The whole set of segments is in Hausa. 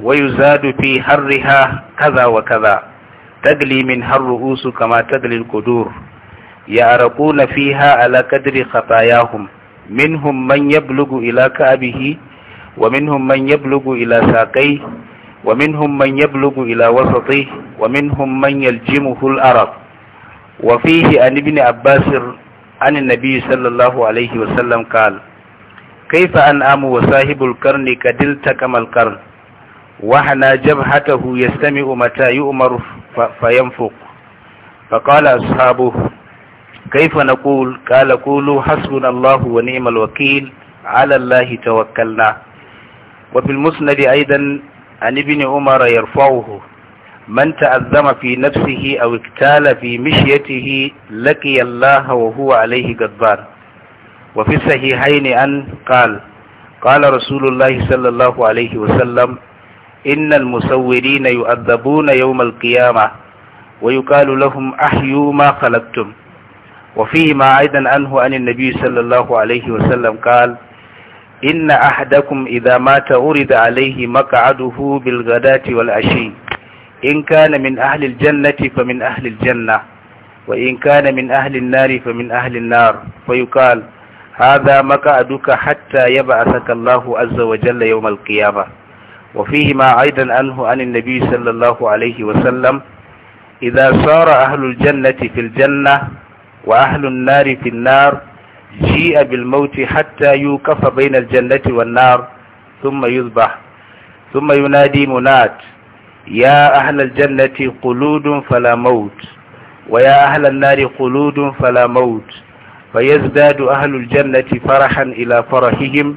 ويزاد في حرها كذا وكذا تجلي منها الرؤوس كما تجلي القدور يعرقون فيها على قدر خطاياهم منهم من يبلغ إلى كعبه ومنهم من يبلغ إلى ساقيه ومنهم من يبلغ إلى وسطه ومنهم من يلجمه الأرق وفيه عن ابن عباس عن النبي صلى الله عليه وسلم قال كيف أنعم وصاحب القرن كدلت كما القرن وحنى جبهته يستمع متى يؤمر فينفق فقال أصحابه كيف نقول قال قولوا حسبنا الله ونعم الوكيل على الله توكلنا وفي المسند أيضا عن ابن عمر يرفعه من تأذم في نفسه أو اكتال في مشيته لقي الله وهو عليه غضبان وفي الصحيحين أن قال قال رسول الله صلى الله عليه وسلم إن المسورين يؤذبون يوم القيامة ويقال لهم أحيوا ما خلقتم وفيه ما أيضا عنه عن النبي صلى الله عليه وسلم قال إن أحدكم إذا مات أرد عليه مقعده بالغداة والعشي إن كان من أهل الجنة فمن أهل الجنة وإن كان من أهل النار فمن أهل النار فيقال هذا مقعدك حتى يبعثك الله عز وجل يوم القيامة وفيهما أيضا أنه عن النبي صلى الله عليه وسلم إذا صار أهل الجنة في الجنة وأهل النار في النار جيء بالموت حتى يوقف بين الجنة والنار ثم يذبح ثم ينادي مناد يا أهل الجنة قلود فلا موت ويا أهل النار قلود فلا موت فيزداد أهل الجنة فرحا إلى فرحهم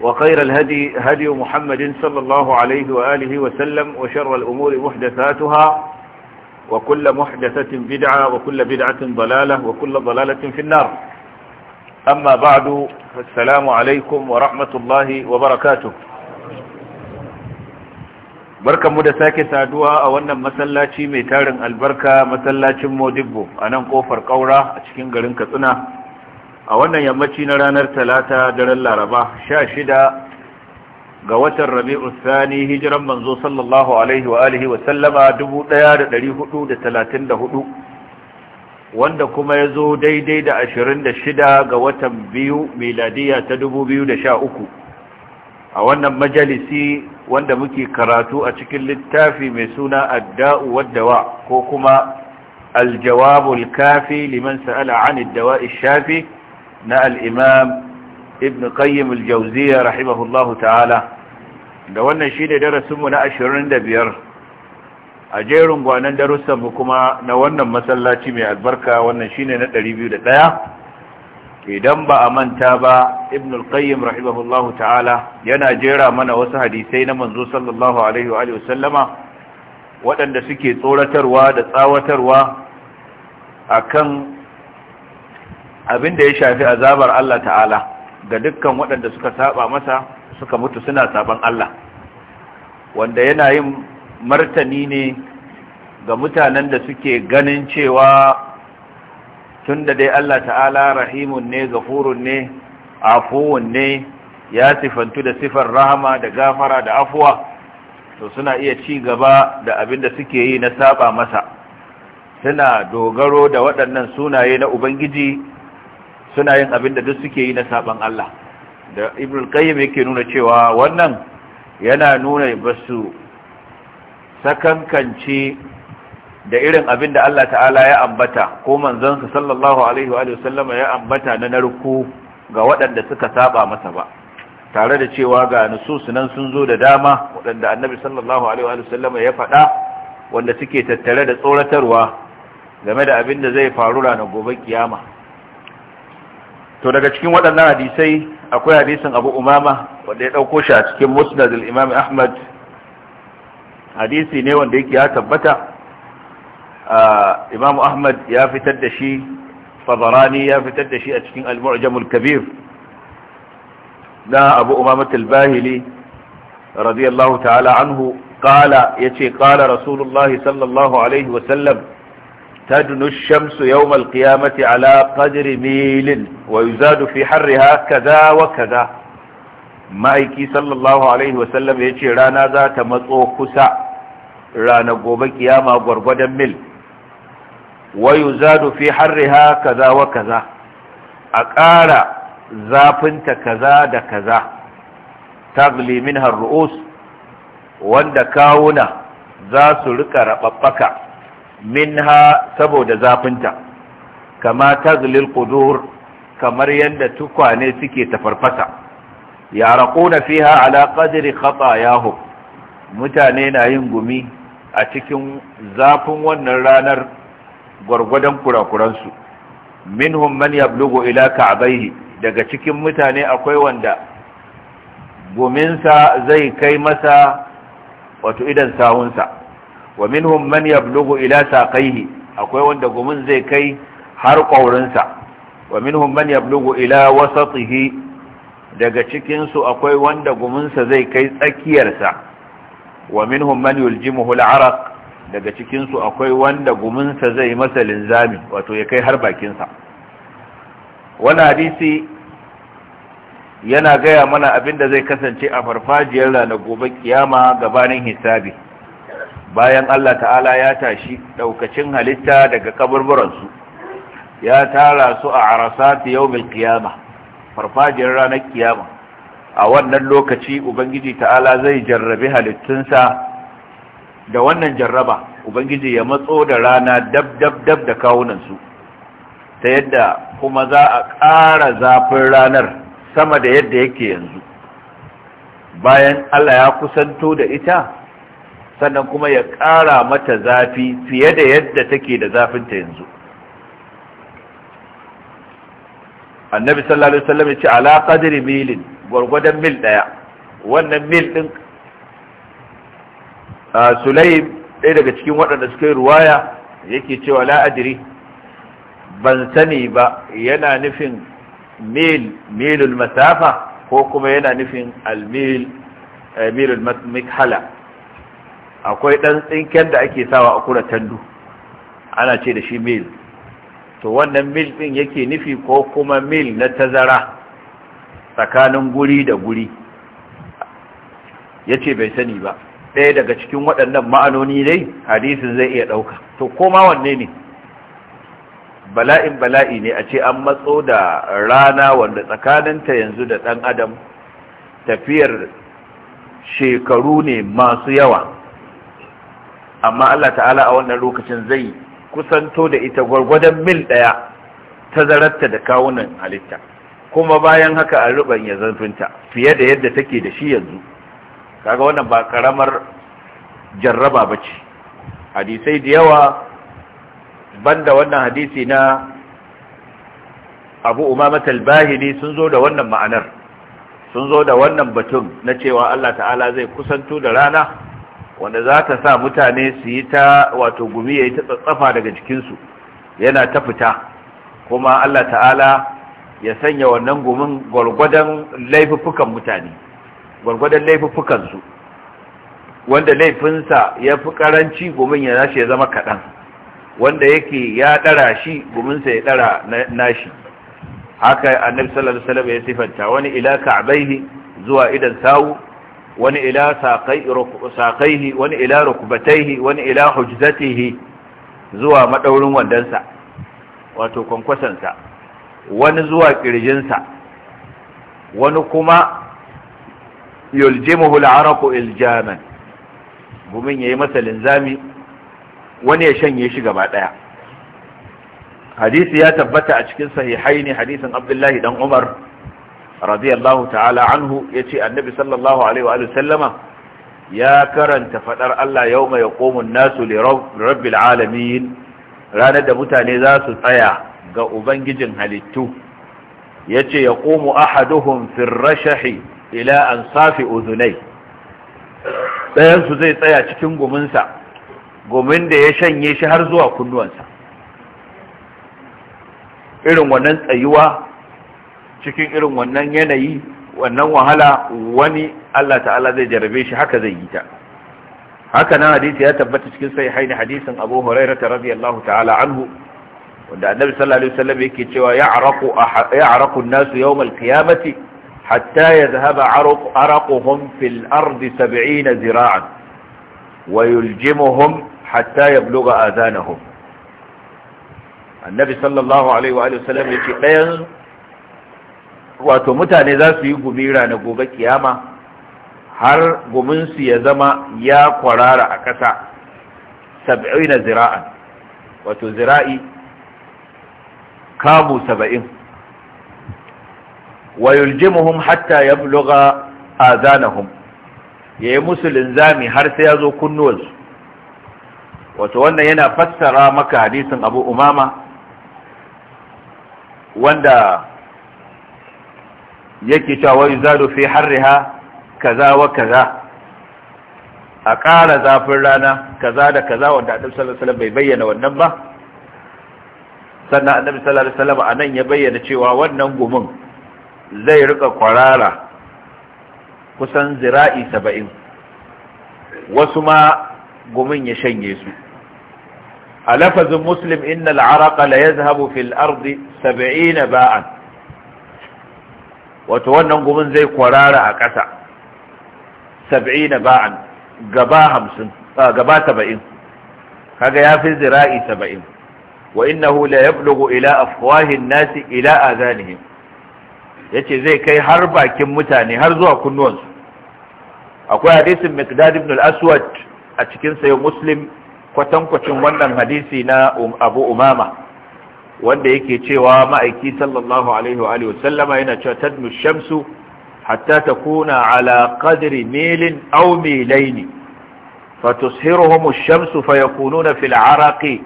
وخير الهدي هدي محمد صلى الله عليه وآله وسلم وشر الأمور محدثاتها وكل محدثة بدعة وكل بدعة ضلالة وكل ضلالة في النار أما بعد فالسلام عليكم ورحمة الله وبركاته barkan mu da sake saduwa a wannan masallaci mai tarin albarka masallacin modibbo a nan kofar kaura a cikin garin katsina a wannan yammaci na ranar talata daren laraba sha shida ga watan rabi'ul sani hijiran manzo sallallahu alaihi wa alihi wa sallama 1434 wanda kuma ya zo daidai da 26 ga watan biyu miladiya ta 2013 a wannan majalisi wanda muke karatu a cikin littafi mai suna adda'u waddawa ko kuma aljawabul kafi liman sa'ala 'anid dawa'i shafi na al'imam ibn qayyim al-jauziya rahimahullahu ta'ala da wannan shi ne darasinmu na ashirin da biyar a jerin gwanon darussanmu kuma na wannan masallaci mai albarka wannan shi ne na ɗari biyu da ɗaya idan ba a manta ba ibn al-qayyim rahimahullahu ta'ala yana jera mana wasu hadisai na manzo sallallahu alaihi wa sallama waɗanda suke tsoratarwa da tsawatarwa akan abin da ya shafi azabar Allah ta'ala ga dukkan waɗanda suka saba masa suka mutu suna saban Allah wanda yana yin martani ne ga mutanen da suke ganin cewa tun da dai Allah ta'ala rahimun ne gafurun ne afuwun ne ya sifantu da sifar rahama da gafara da afuwa to suna iya ci gaba da abin da suke yi na saba masa suna dogaro da waɗannan sunaye na ubangiji suna yin abin da duk suke yi na saban Allah da ibn qayyim yake nuna cewa wannan yana nuna basu sakankance da irin abin da Allah ta'ala ya ambata ko manzansa sallallahu alaihi wa sallama ya ambata na narko ga waɗanda suka saba masa ba tare da cewa ga nususu nan sun zo da dama waɗanda annabi sallallahu alaihi wa sallama ya faɗa wanda suke tattare da tsoratarwa game da abin da zai faru ranar gobe kiyama to daga cikin waɗannan hadisai akwai hadisin abu umama wanda ya ɗauko shi a cikin musnad al-imam ahmad hadisi ne wanda yake ya tabbata imam ahmad ya fitar da shi fadarani ya fitar da shi a cikin al-mu'jamul kabir na abu umama al-bahili radiyallahu ta'ala anhu qala yace qala rasulullahi sallallahu alaihi wa sallam تدنو الشمس يوم القيامة على قدر ميل ويزاد في حرها كذا وكذا ma'aiki sallallahu alaihi wasallam ya ce rana za ta matso kusa rana gobe kiyama gwargwadon mil wayu zadu fi harriha kaza wa kaza a ƙara zafinta kaza da kaza tagli min ru'us wanda kawuna za su riƙa raɓaɓɓaka minha saboda zafinta kama tazlil qudur kamar yadda tukwane suke tafarfasa Ya raquna fiha ala qadri khatayahum mutane na yin gumi a cikin zafin wannan ranar gwargwadon kurakuransu minhum man yablugu ila ka'bayhi daga cikin mutane akwai wanda guminsa zai kai masa wato idan sawunsa wa minhum man yablughu ila saqayhi akwai wanda gumin zai kai har ƙaurinsa wa minhum man yablughu ila wasatihi daga cikin su akwai wanda guminsa zai kai tsakiyarsa wa minhum man yuljimuhu al-araq daga cikin su akwai wanda guminsa zai masa linzami wato ya kai har bakinsa wannan hadisi yana gaya mana abinda zai kasance a farfajiyar ranar gobe kiyama gabanin hisabi bayan Allah ta'ala ya tashi daukacin halitta daga kaburburansu ya tara su a arasati yawmil qiyama farfajiyar ranar kiyama a wannan lokaci ubangiji ta'ala zai jarrabi halittunsa da wannan jarraba ubangiji ya matso da rana dab dab dab da kawunansu ta yadda kuma za a ƙara zafin ranar sama da yadda yake yanzu bayan Allah ya kusanto da ita sannan kuma ya ƙara mata zafi fiye da yadda take da zafinta yanzu annabi sallallahu alaihi wasallam ya ce ala qadri milin gwargwadon mil daya wannan mil din sulaim ɗaya daga cikin waɗanda suka yi ruwaya yake cewa la adri ban sani ba yana nufin mil milul masafa ko kuma yana nufin al mil eh, milul mikhala akwai ɗan tsinken da ake sawa a kura tandu ana ce da shi mil to wannan mil ɗin yake nufi ko kuma mil na tazara tsakanin guri da guri ya ce bai sani ba ɗaya daga cikin waɗannan ma'anoni ne hadisin zai iya ɗauka to koma wanne ne bala'in bala'i ne a ce an matso da rana wanda tsakaninta yanzu da ɗan adam tafiyar shekaru ne masu yawa amma Allah ta'ala a wannan lokacin zai kusanto da ita gwargwadon mil ɗaya ta zararta da kawunan halitta kuma bayan haka a ruban ya zarfinta fiye da yadda take da shi yanzu kaga wannan ba karamar jarraba ba ce hadisai da yawa banda wannan hadisi na abu umama al sun zo da wannan ma'anar sun zo da wannan batun na cewa Allah ta'ala zai kusanto da rana wanda za ta sa mutane su yi ta wato gumi ya yi ta tsatsafa daga jikinsu yana ta fita kuma Allah ta'ala ya sanya wannan gumin gwargwadon laifuffukan mutane gwargwadon laifuffukansu wanda laifinsa ya fi karanci gumin ya nashi ya zama kaɗan wanda yake ya ɗara shi guminsa ya ɗara nashi haka annabi sallallahu alaihi wasallam ya sifanta wani ila ka'baihi zuwa idan sawu wani ila saƙaihi wani ila rukubataihi wani ila hujzatihi zuwa maɗaurin wandonsa wato kwankwasansa wani zuwa ƙirjinsa wani kuma yuljimuhu al'araku iljaman gumin yayi masa linzami wani ya shanye shi gaba daya hadisi ya tabbata a cikin sahihaini hadisin Abdullahi dan Umar radiyallahu ta'ala anhu yace annabi sallallahu alaihi wa sallama ya karanta fadar Allah yauma yaqumun nasu li rabbil alamin ranar da mutane za su tsaya ga ubangijin halittu yace yaqumu ahaduhum fi rashahi ila ansafi udhunai dayan su zai tsaya cikin guminsa gomin da ya shanye shi har zuwa kunnuwansa irin wannan tsayuwa cikin irin wannan yanayi wannan wahala wani Allah ta'ala zai jarabe shi haka zai yi ta haka nan hadisi ya tabbata cikin sai haini hadisin abu huraira ta radiyallahu ta'ala anhu wanda annabi sallallahu alaihi wasallam yake cewa ya'raqu ya'raqu an-nasu yawm al-qiyamati hatta yadhhaba 'araquhum fil ardi 70 zira'an wa yuljimuhum hatta yablugha adhanahum annabi sallallahu alaihi wa alihi wasallam yake dayan wato mutane za su yi gumi rana gobe kiyama har guminsu ya zama ya kwarara a ƙasa sab'i na zira'an wato zira'i kamu saba'in wa yuljimuhum hatta ya a azanahum ya yi musu linzami har sai ya zo kunnuwansu wato wannan yana fassara maka hadisin abu umama wanda yake cewa wa yuzadu fi harriha kaza wa kaza a ƙara zafin rana kaza da kaza wanda annabi sallallahu alaihi wasallam bai bayyana wannan ba sannan annabi sallallahu alaihi wasallam anan ya bayyana cewa wannan gumin zai rika kwarara kusan zira'i 70 wasu ma gumin ya shanye su a lafazin muslim innal araqa la yazhabu fil ardi 70 ba'an wato wannan gumin zai kwarara a ƙasa sab'ina ba'an gaba hamsin gaba saba'in kaga ya fi zira'i saba'in wa innahu la yablugu ila afwahin nasi ila azanihim yace zai kai har bakin mutane har zuwa kunnuwansu akwai hadisin miqdad ibn al-aswad a cikin sayo muslim kwatankwacin wannan hadisi na um, abu umama wanda yake cewa ma'aiki sallallahu alaihi wa alihi wasallama yana cewa tadnu shamsu hatta takuna ala qadri milin aw milaini fatushiruhum ash-shamsu fayakununa fil araqi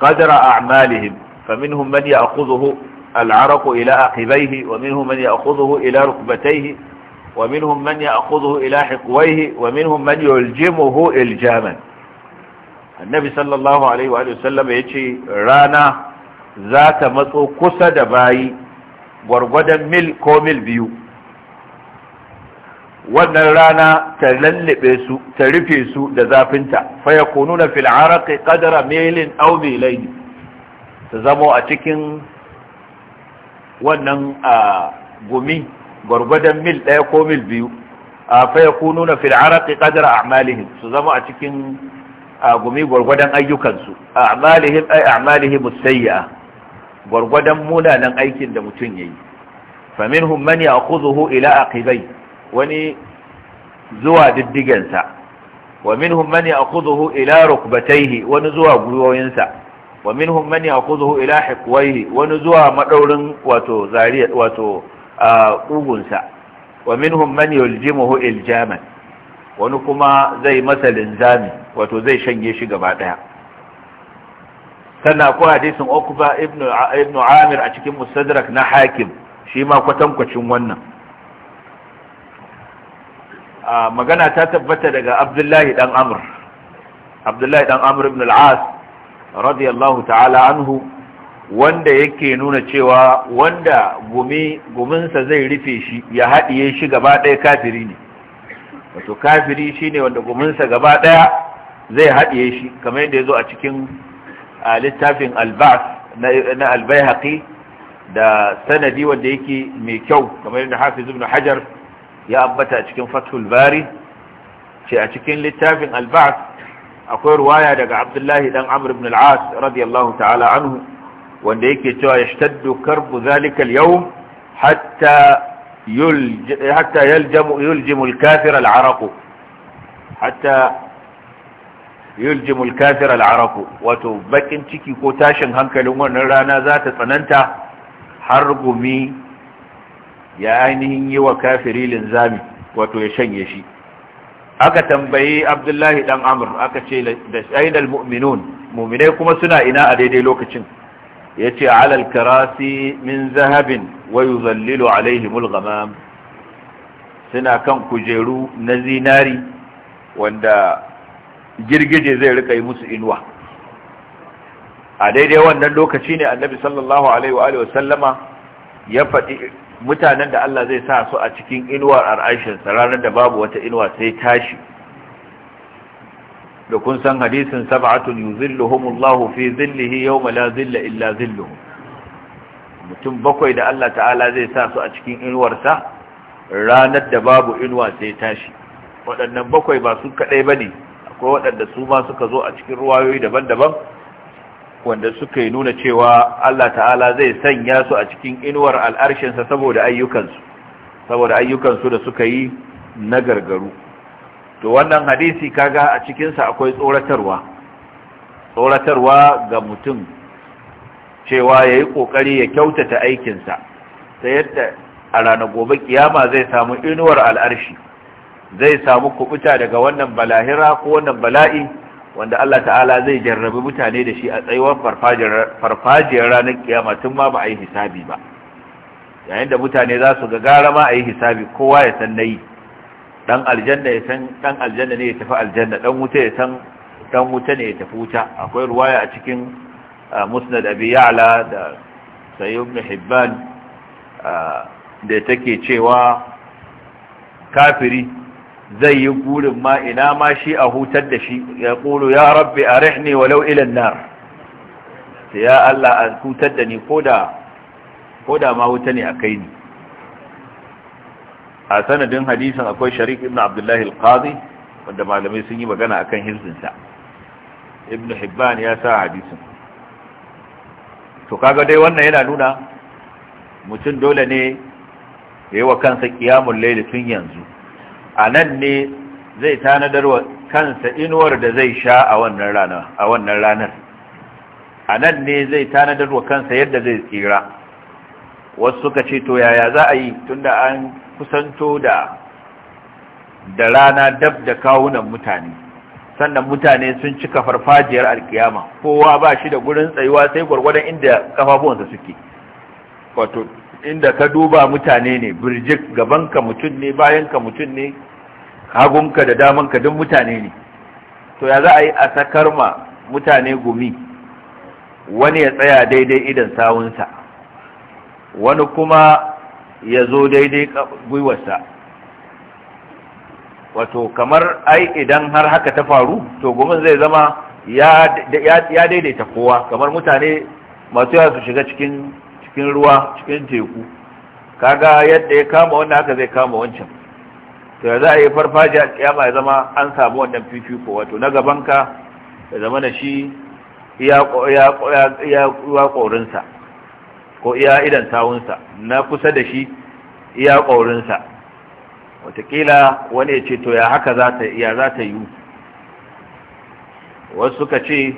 qadra a'malihim faminhum man ya'khudhuhu العرق إلى عقبيه ومنهم ila يأخذه wa ركبتيه ومنهم من يأخذه إلى حقويه ومنهم من يلجمه إلجاما النبي صلى الله wa وآله وسلم يتشي rana. za ta matso kusa da bayi gwargwadon mil ko mil biyu wannan rana ta lallabe su ta rufe su da zafinta faya kunu na fil'araki kadara melin au melaini ta zamo a cikin wannan a gumi gwargwadon mil ɗaya ko mil biyu a faya kunu na fil'araki kadara a malihim su zama a cikin a gumi gwargwadon ayyukansu a malihim ai a malihim musayya gwargwadon munanan aikin da mutum ya yi faminhum man ya'khudhuhu ila aqibai wani zuwa diddigensa wa minhum man ya'khudhuhu ila rukbatayhi wani zuwa gwiwoyinsa wa minhum man ya'khudhuhu ila hiqwayhi wani zuwa madaurin wato zariya wato kugunsa wa minhum man yuljimuhu iljaman wani kuma zai masa linzami wato zai shanye shi gaba ɗaya. sannan akwai hadisin Okba ibn ibn Amir a cikin Mustadrak na Hakim shi ma kwatankwacin wannan magana ta tabbata daga Abdullahi dan Amr Abdullahi dan Amr ibn al-As radiyallahu ta'ala anhu wanda yake nuna cewa wanda guminsa zai rufe shi ya haɗiye shi gaba ɗaya kafiri ne wato kafiri shine wanda guminsa gaba ɗaya zai haɗiye shi kamar yadda ya zo a cikin a littafin albas na albaihaki da sanadi wanda yake mai kyau kamar yadda hafiz ibn hajar ya ambata a cikin fathul bari ce a cikin littafin albas akwai ruwaya daga abdullahi dan amr ibn al-as radiyallahu ta'ala anhu wanda yake cewa yashtaddu karbu zalika al-yawm hatta yulj hatta yaljamu yuljimu al-kafir al-araq hatta yuljimul kafir al'araku wato bakin ciki ko tashin hankalin wannan rana za ta tsananta har gumi ya ainihin yi wa kafiri linzami wato ya shanye shi aka tambayi abdullahi dan amr aka ce da shaidal mu'minun mu'minai kuma suna ina a daidai lokacin ya ce alal karasi min zahabin wa yuzallilu alaihimul ghamam suna kan kujeru na zinari wanda girgije zai rika yi musu inuwa a daidai wannan lokaci ne annabi sallallahu alaihi wa sallama ya faɗi mutanen da Allah zai sa su a cikin inuwar ar'aishinsa ranar da babu wata inuwa sai tashi da kun san hadisin sab'atun yuzilluhumullahu fi zillihi yawma la zilla illa zilluhu mutum bakwai da Allah ta'ala zai sa su a cikin inuwarsa ranar da babu inuwa sai tashi waɗannan bakwai ba su kaɗai ba ne akwai waɗanda su ma suka zo a cikin ruwayoyi daban-daban wanda suka yi nuna cewa Allah ta'ala zai sanya su a cikin inuwar al'arshinsa saboda ayyukansu saboda ayyukansu da suka yi na gargaru to wannan hadisi kaga a cikinsa akwai tsoratarwa tsoratarwa ga mutum cewa ya yi ƙoƙari ya kyautata aikinsa ta yadda a ranar gobe kiyama zai samu inuwar al'arshi zai samu kubuta daga wannan balahira ko wannan bala'i wanda Allah ta'ala zai jarrabi mutane da shi a tsayuwar farfajiyar ranar kiyama tun ma ba a yi hisabi ba yayin da mutane za su gagara ma a yi hisabi kowa ya san nayi dan aljanna ya san dan aljanna ne ya tafi aljanna dan wuta ya san dan wuta ne ya tafi wuta akwai ruwaya a cikin musnad abi ya'la da sayyid ibn hibban da take cewa kafiri zai yi gurin ma ina ma shi a hutar da shi ya ƙulu ya rabbi a rihne walau ilan nar sai ya Allah a hutar da ni ko da ma wuta ne a kai ni a sanadin hadisin akwai sharik ibn abdullahi al-qazi wanda malamai sun yi magana akan hirzinsa. ibn hibban ya sa hadisin to kaga dai wannan yana nuna mutum dole ne ya yi wa kansa kiyamun laili tun yanzu a nan ne zai tanadar wa kansa inuwar da zai sha a wannan ranar a nan ne zai tanadar wa kansa yadda zai tsira wasu suka ce to yaya za a yi tunda an kusanto da da rana dab da kawunan mutane sannan mutane sun cika farfajiyar alkiyama kowa ba shi da gurin tsayuwa sai gwargwadon inda kafafuwansa suke wato inda ka duba mutane ne birjik gabanka mutum ne bayanka mutum ne hagunka da damanka duk mutane ne to ya za a yi a sakar ma mutane gumi wani ya tsaya daidai idan sawunsa wani kuma ya zo daidai gwiwarsa wato kamar ai idan har haka ta faru to gumin zai zama ya daidaita kowa kamar mutane masu yawa su shiga cikin cikin ruwa cikin teku kaga yadda ya kama wannan haka zai kama wancan to za a yi farfaji a kiyama ya zama an samu wannan fifiko wato na gabanka ya zama da shi iya ƙorinsa ko iya idan sawunsa na kusa da shi iya ƙorinsa watakila wani ya ce to ya haka za ta yi wasu suka ce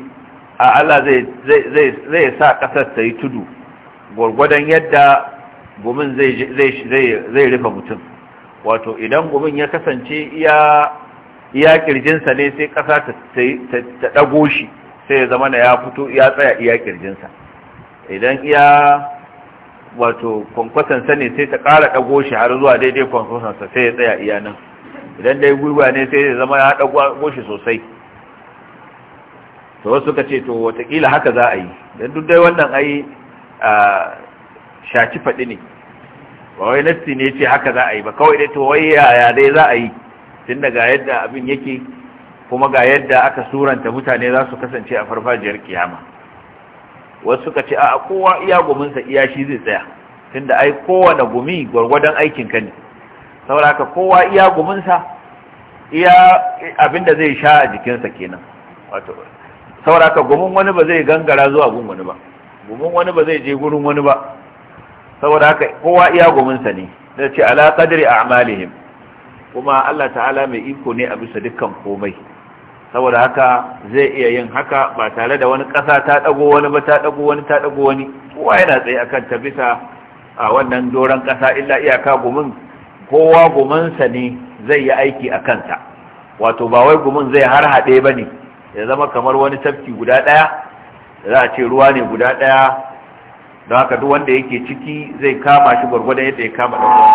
a Allah zai sa ƙasar ta yi tudu gwargwadon yadda gumin zai rufe mutum wato idan gumin ya kasance iya kirjinsa ne sai ƙasa ta ɗago shi sai ya zama na ya fito ya tsaya iya kirjinsa idan iya wato kwankwasansa ne sai ta ƙara ɗago shi har zuwa daidai kwankwasansa sai ya tsaya iya nan idan dai gwiwa ne sai ya zama ya ɗago shi sosai to wasu ka ce to watakila haka za a yi don duk dai wannan ai shaci faɗi ne ba wai nassi ne ce haka za a yi ba kawai dai to wai yaya dai za a yi tun daga yadda abin yake kuma ga yadda aka suranta mutane za su kasance a farfajiyar kiyama wasu suka ce a kowa iya guminsa iya shi zai tsaya Tun da ai kowane gumi gwargwadon aikin ka ne saboda haka kowa iya guminsa iya abinda zai sha a jikinsa kenan wato saboda haka gumin wani ba zai gangara zuwa gun wani ba gumin wani ba zai je gurin wani ba saboda haka kowa iya guminsa ne da ce ala qadri a'malihim kuma Allah ta'ala mai iko ne a bisa dukkan komai saboda haka zai iya yin haka ba tare da wani ƙasa ta ɗago wani ba ta ɗago wani ta ɗago wani kowa yana tsaye akan ta bisa a wannan doron ƙasa illa iyaka gumin kowa guminsa ne zai yi aiki a kanta. wato ba wai gumin zai har haɗe ba ne ya zama kamar wani tafki guda ɗaya za a ce ruwa ne guda ɗaya don haka duk wanda yake ciki zai kama shi gwargwadon yadda ya kama da ruwa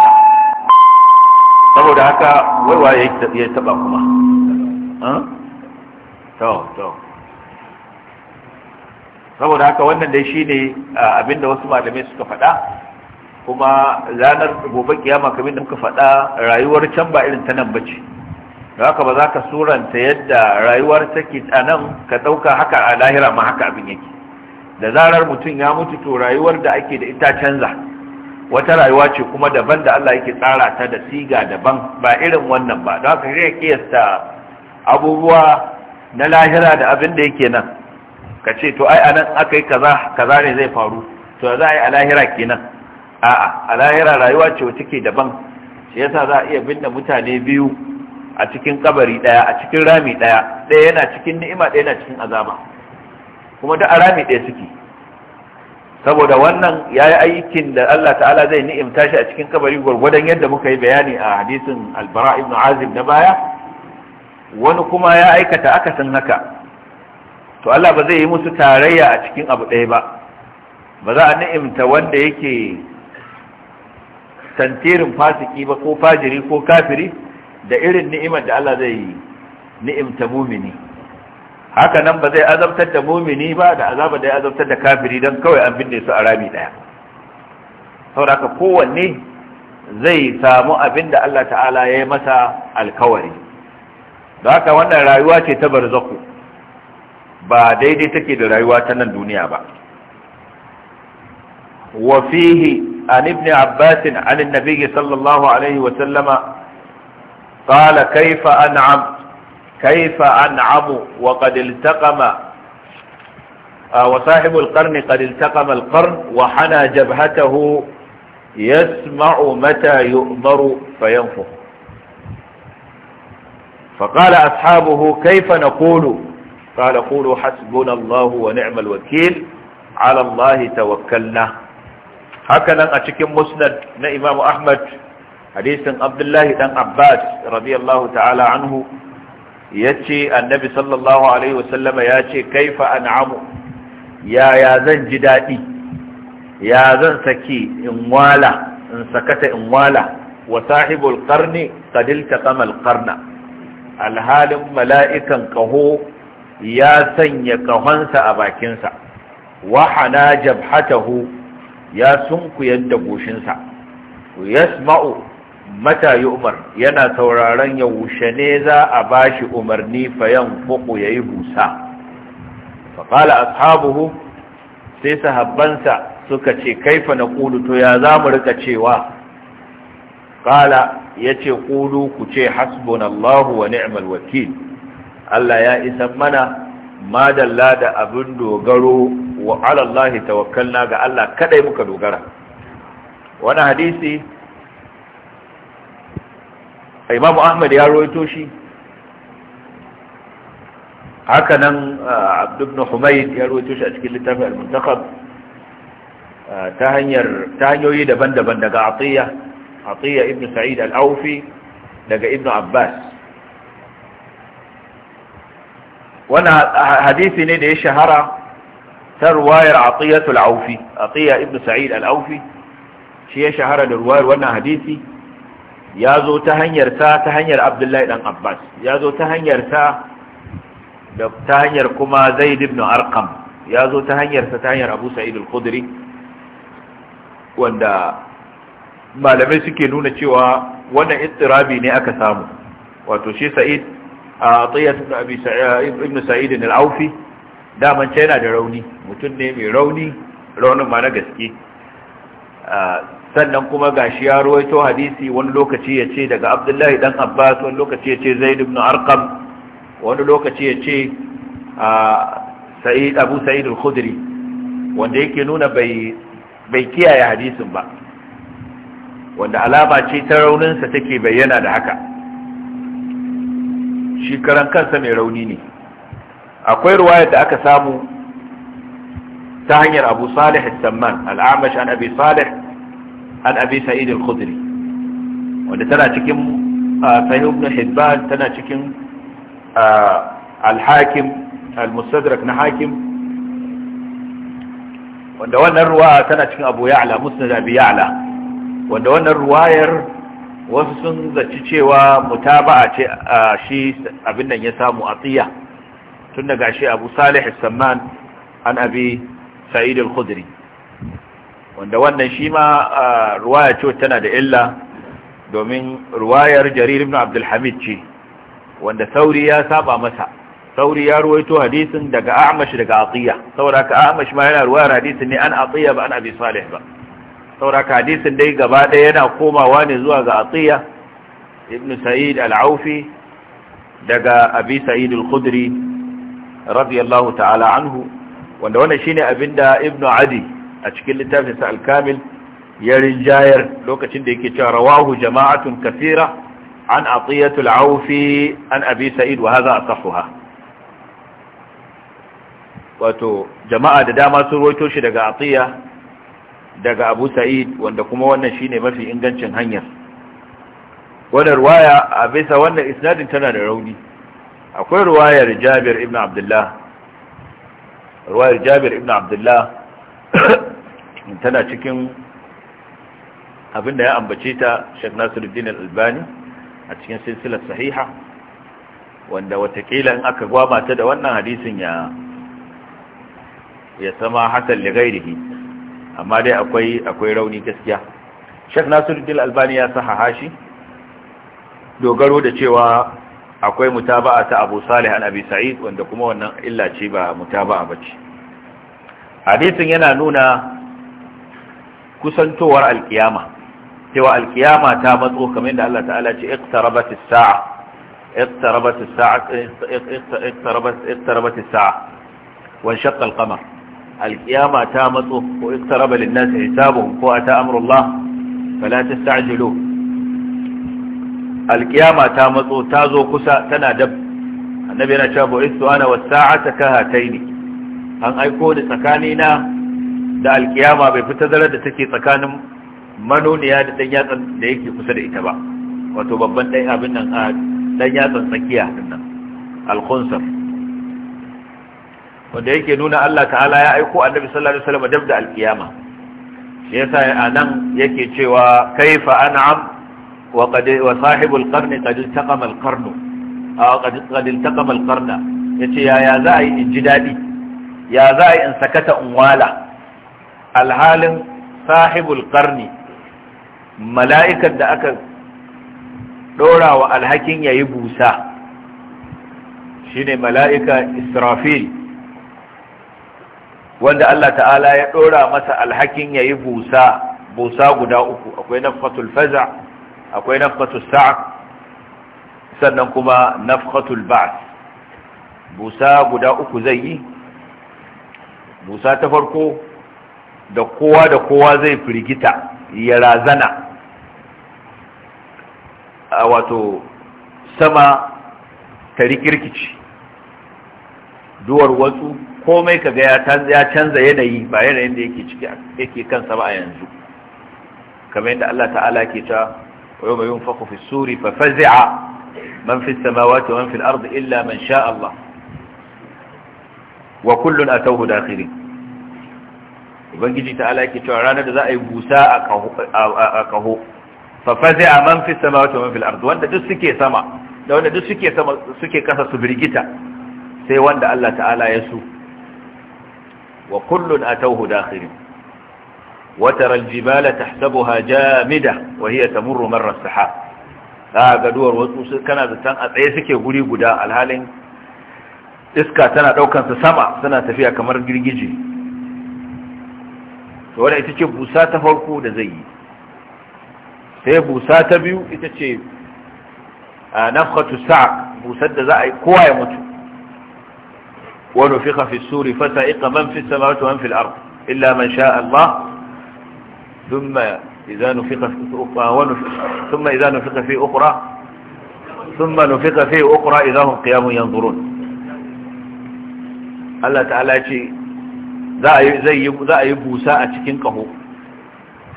saboda haka waiwa ya taɓa kuma saboda haka wannan dai shi shine abinda wasu malamai suka faɗa kuma ranar gobe kiyama kamar da muka faɗa rayuwar can ba irin ta nan ba ce. haka ba za ka suranta yadda rayuwar take a nan ka ɗauka haka a lahira ma haka abin yake da zarar mutum ya mutu to rayuwar da ake da ita canza wata rayuwa ce kuma daban da Allah yake tsara ta da siga daban ba irin wannan ba don haka ya kiyasta abubuwa na lahira da abin da yake nan ka ce to ai anan aka yi kaza kaza ne zai faru to za a yi a lahira kenan a'a a lahira rayuwa ce wata ke daban shi yasa za a iya binne mutane biyu a cikin kabari daya a cikin rami daya daya yana cikin ni'ima daya yana cikin azaba kuma duk a rami daya suke saboda wannan yayi aikin da Allah ta'ala zai ni'imta shi a cikin kabari gwargwadon yadda muka yi bayani a hadisin al-bara ibn azib na baya wani kuma ya aikata akasin haka to Allah ba zai yi musu tarayya a cikin abu ɗaya ba ba za a ni'imta wanda yake tantirin fasiki ba ko fajiri ko kafiri da irin ni'imar da Allah zai ni'imta mumini haka nan ba zai azabtar da mumini ba da azaba da ya azabtar da kafiri don kawai an binne su a rami daya sauraka kowanne zai samu abin da Allah ta'ala ya yi masa alkawari da haka wannan rayuwa ce ta barzaku ba daidai take da rayuwa ta nan duniya ba wa fihi an ibn abbas an annabi sallallahu alaihi wa sallama قال كيف أنعم كيف أنعم وقد التقم آه، وصاحب القرن قد التقم القرن وحنى جبهته يسمع متى يؤمر فينفخ فقال أصحابه كيف نقول قال قولوا حسبنا الله ونعم الوكيل على الله توكلنا هكذا أتكلم مسند إمام أحمد hadisin abdullahi dan abbas radiyallahu ta'ala anhu ya ce annabi sallallahu alaihi wasallama ya ce kaifa an'amu yaya zan ji daɗi ya zan saki in wala in sakata in wala wa sahibul qarni qadilta kamal qarna alhalin mala'ikan kaho ya sanya kahonsa a bakinsa wa hana jabhatahu ya sunkuyan da goshinsa yasma'u mata yi umar yana sauraron yaushe ne za a ba shi umarni fayan kuku ya yi busa faƙala ashabuhu sai sahabbansa suka ce kaifa na Kulu to ya za mu rika cewa ƙala ya ce ƙudu ku ce Allahu wa ni'mal wakil Allah ya isa mana madalla da abin dogaro wa alallahi tawakkalna ga Allah kadai muka dogara wani hadisi imamu ahmad ya rawaito shi haka nan abdu ibn humayd ya rawaito shi a cikin littafin al-muntakhab ta hanyar ta hanyoyi daban-daban daga atiya atiya ibn sa'id al-awfi daga ibn abbas wannan hadisi ne da ya shahara ta ruwayar atiyatul awfi atiya ibn sa'id al-awfi shi ya shahara da ruwayar wannan hadisi ya zo ta hanyar ta ta hanyar abdullahi dan abbas ya zo ta hanyar ta da ta hanyar kuma zaid ibn arqam ya zo ta hanyar ta ta hanyar abu sa'id al-khudri wanda malamai suke nuna cewa wannan istirabi ne aka samu wato shi sa'id atiyat ibn abi sa'id ibn sa'id al man daman yana da rauni mutum ne mai rauni raunin ma na gaske sannan kuma gashi ya ruwaito hadisi wani lokaci ya ce daga abdullahi dan abbas wani lokaci ya ce zaid ibn arqam wani lokaci ya ce sa'id abu sa'id al-khudri wanda yake nuna bai bai kiyaye hadisin ba wanda alama ce ta rauninsa take bayyana da haka shi karan kansa mai rauni ne akwai ruwayar da aka samu ta hanyar abu salih al-samman al-amash an abi salih an abi sa'id al wanda tana cikin uh, sahih ibn hibban tana cikin uh, al-hakim al-mustadrak na hakim wanda wannan ruwa tana cikin abu ya'la musnad abi ya'la wanda wannan ruwayar wasu sun zaci cewa mutaba'a ce uh, shi abin nan ya samu atiya tun daga shi abu salih as an abi sa'id al wanda wannan shi ma ruwaya ce tana da illa domin ruwayar jarir ibn abdulhamid ce wanda sauri ya saba masa sauri ya ruwaito hadisin daga amash daga atiya sauraka amash ma yana ruwayar hadisin ne an atiya ba an abi salih ba sauraka hadisin dai gaba ɗaya yana komawa ne zuwa ga atiya ibn sa'id al-aufi daga abi sa'id al-khudri radiyallahu ta'ala anhu wanda wannan shine abinda ibn adi a cikin littafin sa kamil ya rinjayar lokacin da yake cewa rawahu jama'atun kafira. an atiyatul aufi an abi sa'id wa hadha asahuha wato jama'a da dama sun roito shi daga atiya daga abu sa'id wanda kuma wannan shine mafi ingancin hanyar wannan ruwaya a bisa wannan isnadin tana da rauni akwai ruwayar Jabir ibn Abdullah ruwayar Jabir ibn Abdullah tana cikin abinda ya ambace ta Sheikh Nasiruddin Al-Albani a cikin silsilar sahiha wanda watakila in aka gwaba ta da wannan hadisin ya ya sama hasan li ghairihi amma dai akwai akwai rauni gaskiya Sheikh Nasiruddin Al-Albani ya sahaha shi dogaro da cewa akwai mutaba'a ta Abu Salih an Abi Sa'id wanda kuma wannan illa ce ba mutaba'a bace hadisin yana nuna kusantowar alkiyama cewa alkiyama ta matso kamar da Allah ta'ala ce iqtarabat as-sa'a iqtarabat as-sa'a iqtarabat iqtarabat as-sa'a wa shaqqa al-qamar alkiyama ta matso ko iqtaraba lin-nasi hisabuhum ko ata amru Allah fala tasta'jilu alkiyama ta matso tazo kusa tana dab annabi yana cewa bu'istu ana was-sa'ata kahataini an aiko ni tsakanina da alkiyama bai fita tazarar da take tsakanin manoniya da dan yatsan da yake kusa da ita ba wato babban dan abin nan a dan yatsan tsakiya nan al-khunsar wanda yake nuna Allah ta'ala ya aiko annabi sallallahu alaihi wasallam dab da alkiyama shi yasa anan yake cewa kaifa an'am wa qad wa sahibul qarni qad iltaqama al-qarnu aw qad qad iltaqama al-qarna yace yaya za a yi in ji dadi ya za a yi in sakata in wala alhalin sahibul karni mala'ikar da aka ɗora wa alhakin ya yi busa shine mala'ika israfil wanda Allah ta'ala ya ɗora masa alhakin ya yi busa busa guda uku akwai nafkatul faza akwai nafkatul sa'ad sannan kuma nafkatul ba'ad busa guda uku zai yi Musa ta farko da kowa da kowa zai firgita ya razana a wato sama ta rikirkici duwar wasu komai kaga ya canza yanayi ba yanayin da yake ciki yake kansa ba a yanzu kamar yadda Allah ta'ala ke ta yau mai yin faku suri fa fazi'a man fi samawati wa man fi illa man sha Allah wa kullun atawhu dakhirin ubangiji ta'ala yake cewa ranar da za a yi busa a kaho fa fazi'a man fi samawati wa man fil ardi wanda duk suke sama da wanda duk suke sama suke kasa su birgita sai wanda Allah ta'ala ya su wa kullun atawhu dakhirin wa tara al-jibala tahsabuha jamida wa hiya tamurru marra as-sahab ga duwar wasu kana zatan a tsaye suke guri guda alhalin iska tana daukansa sama suna tafiya kamar girgije to wadda ita ce busa ta farko da zai yi sai busa ta biyu ita ce a nafkatu sa'ad busar da za a yi kowa ya mutu wani fi hafi suri fasa iqa man fi samawati man fil ard illa man sha Allah thumma idza nufiqa fi ukhra wa thumma idza nufiqa fi ukhra thumma nufiqa fi ukhra idza hum qiyamun yanzurun Allah ta'ala ce za a yi busa a cikin kaho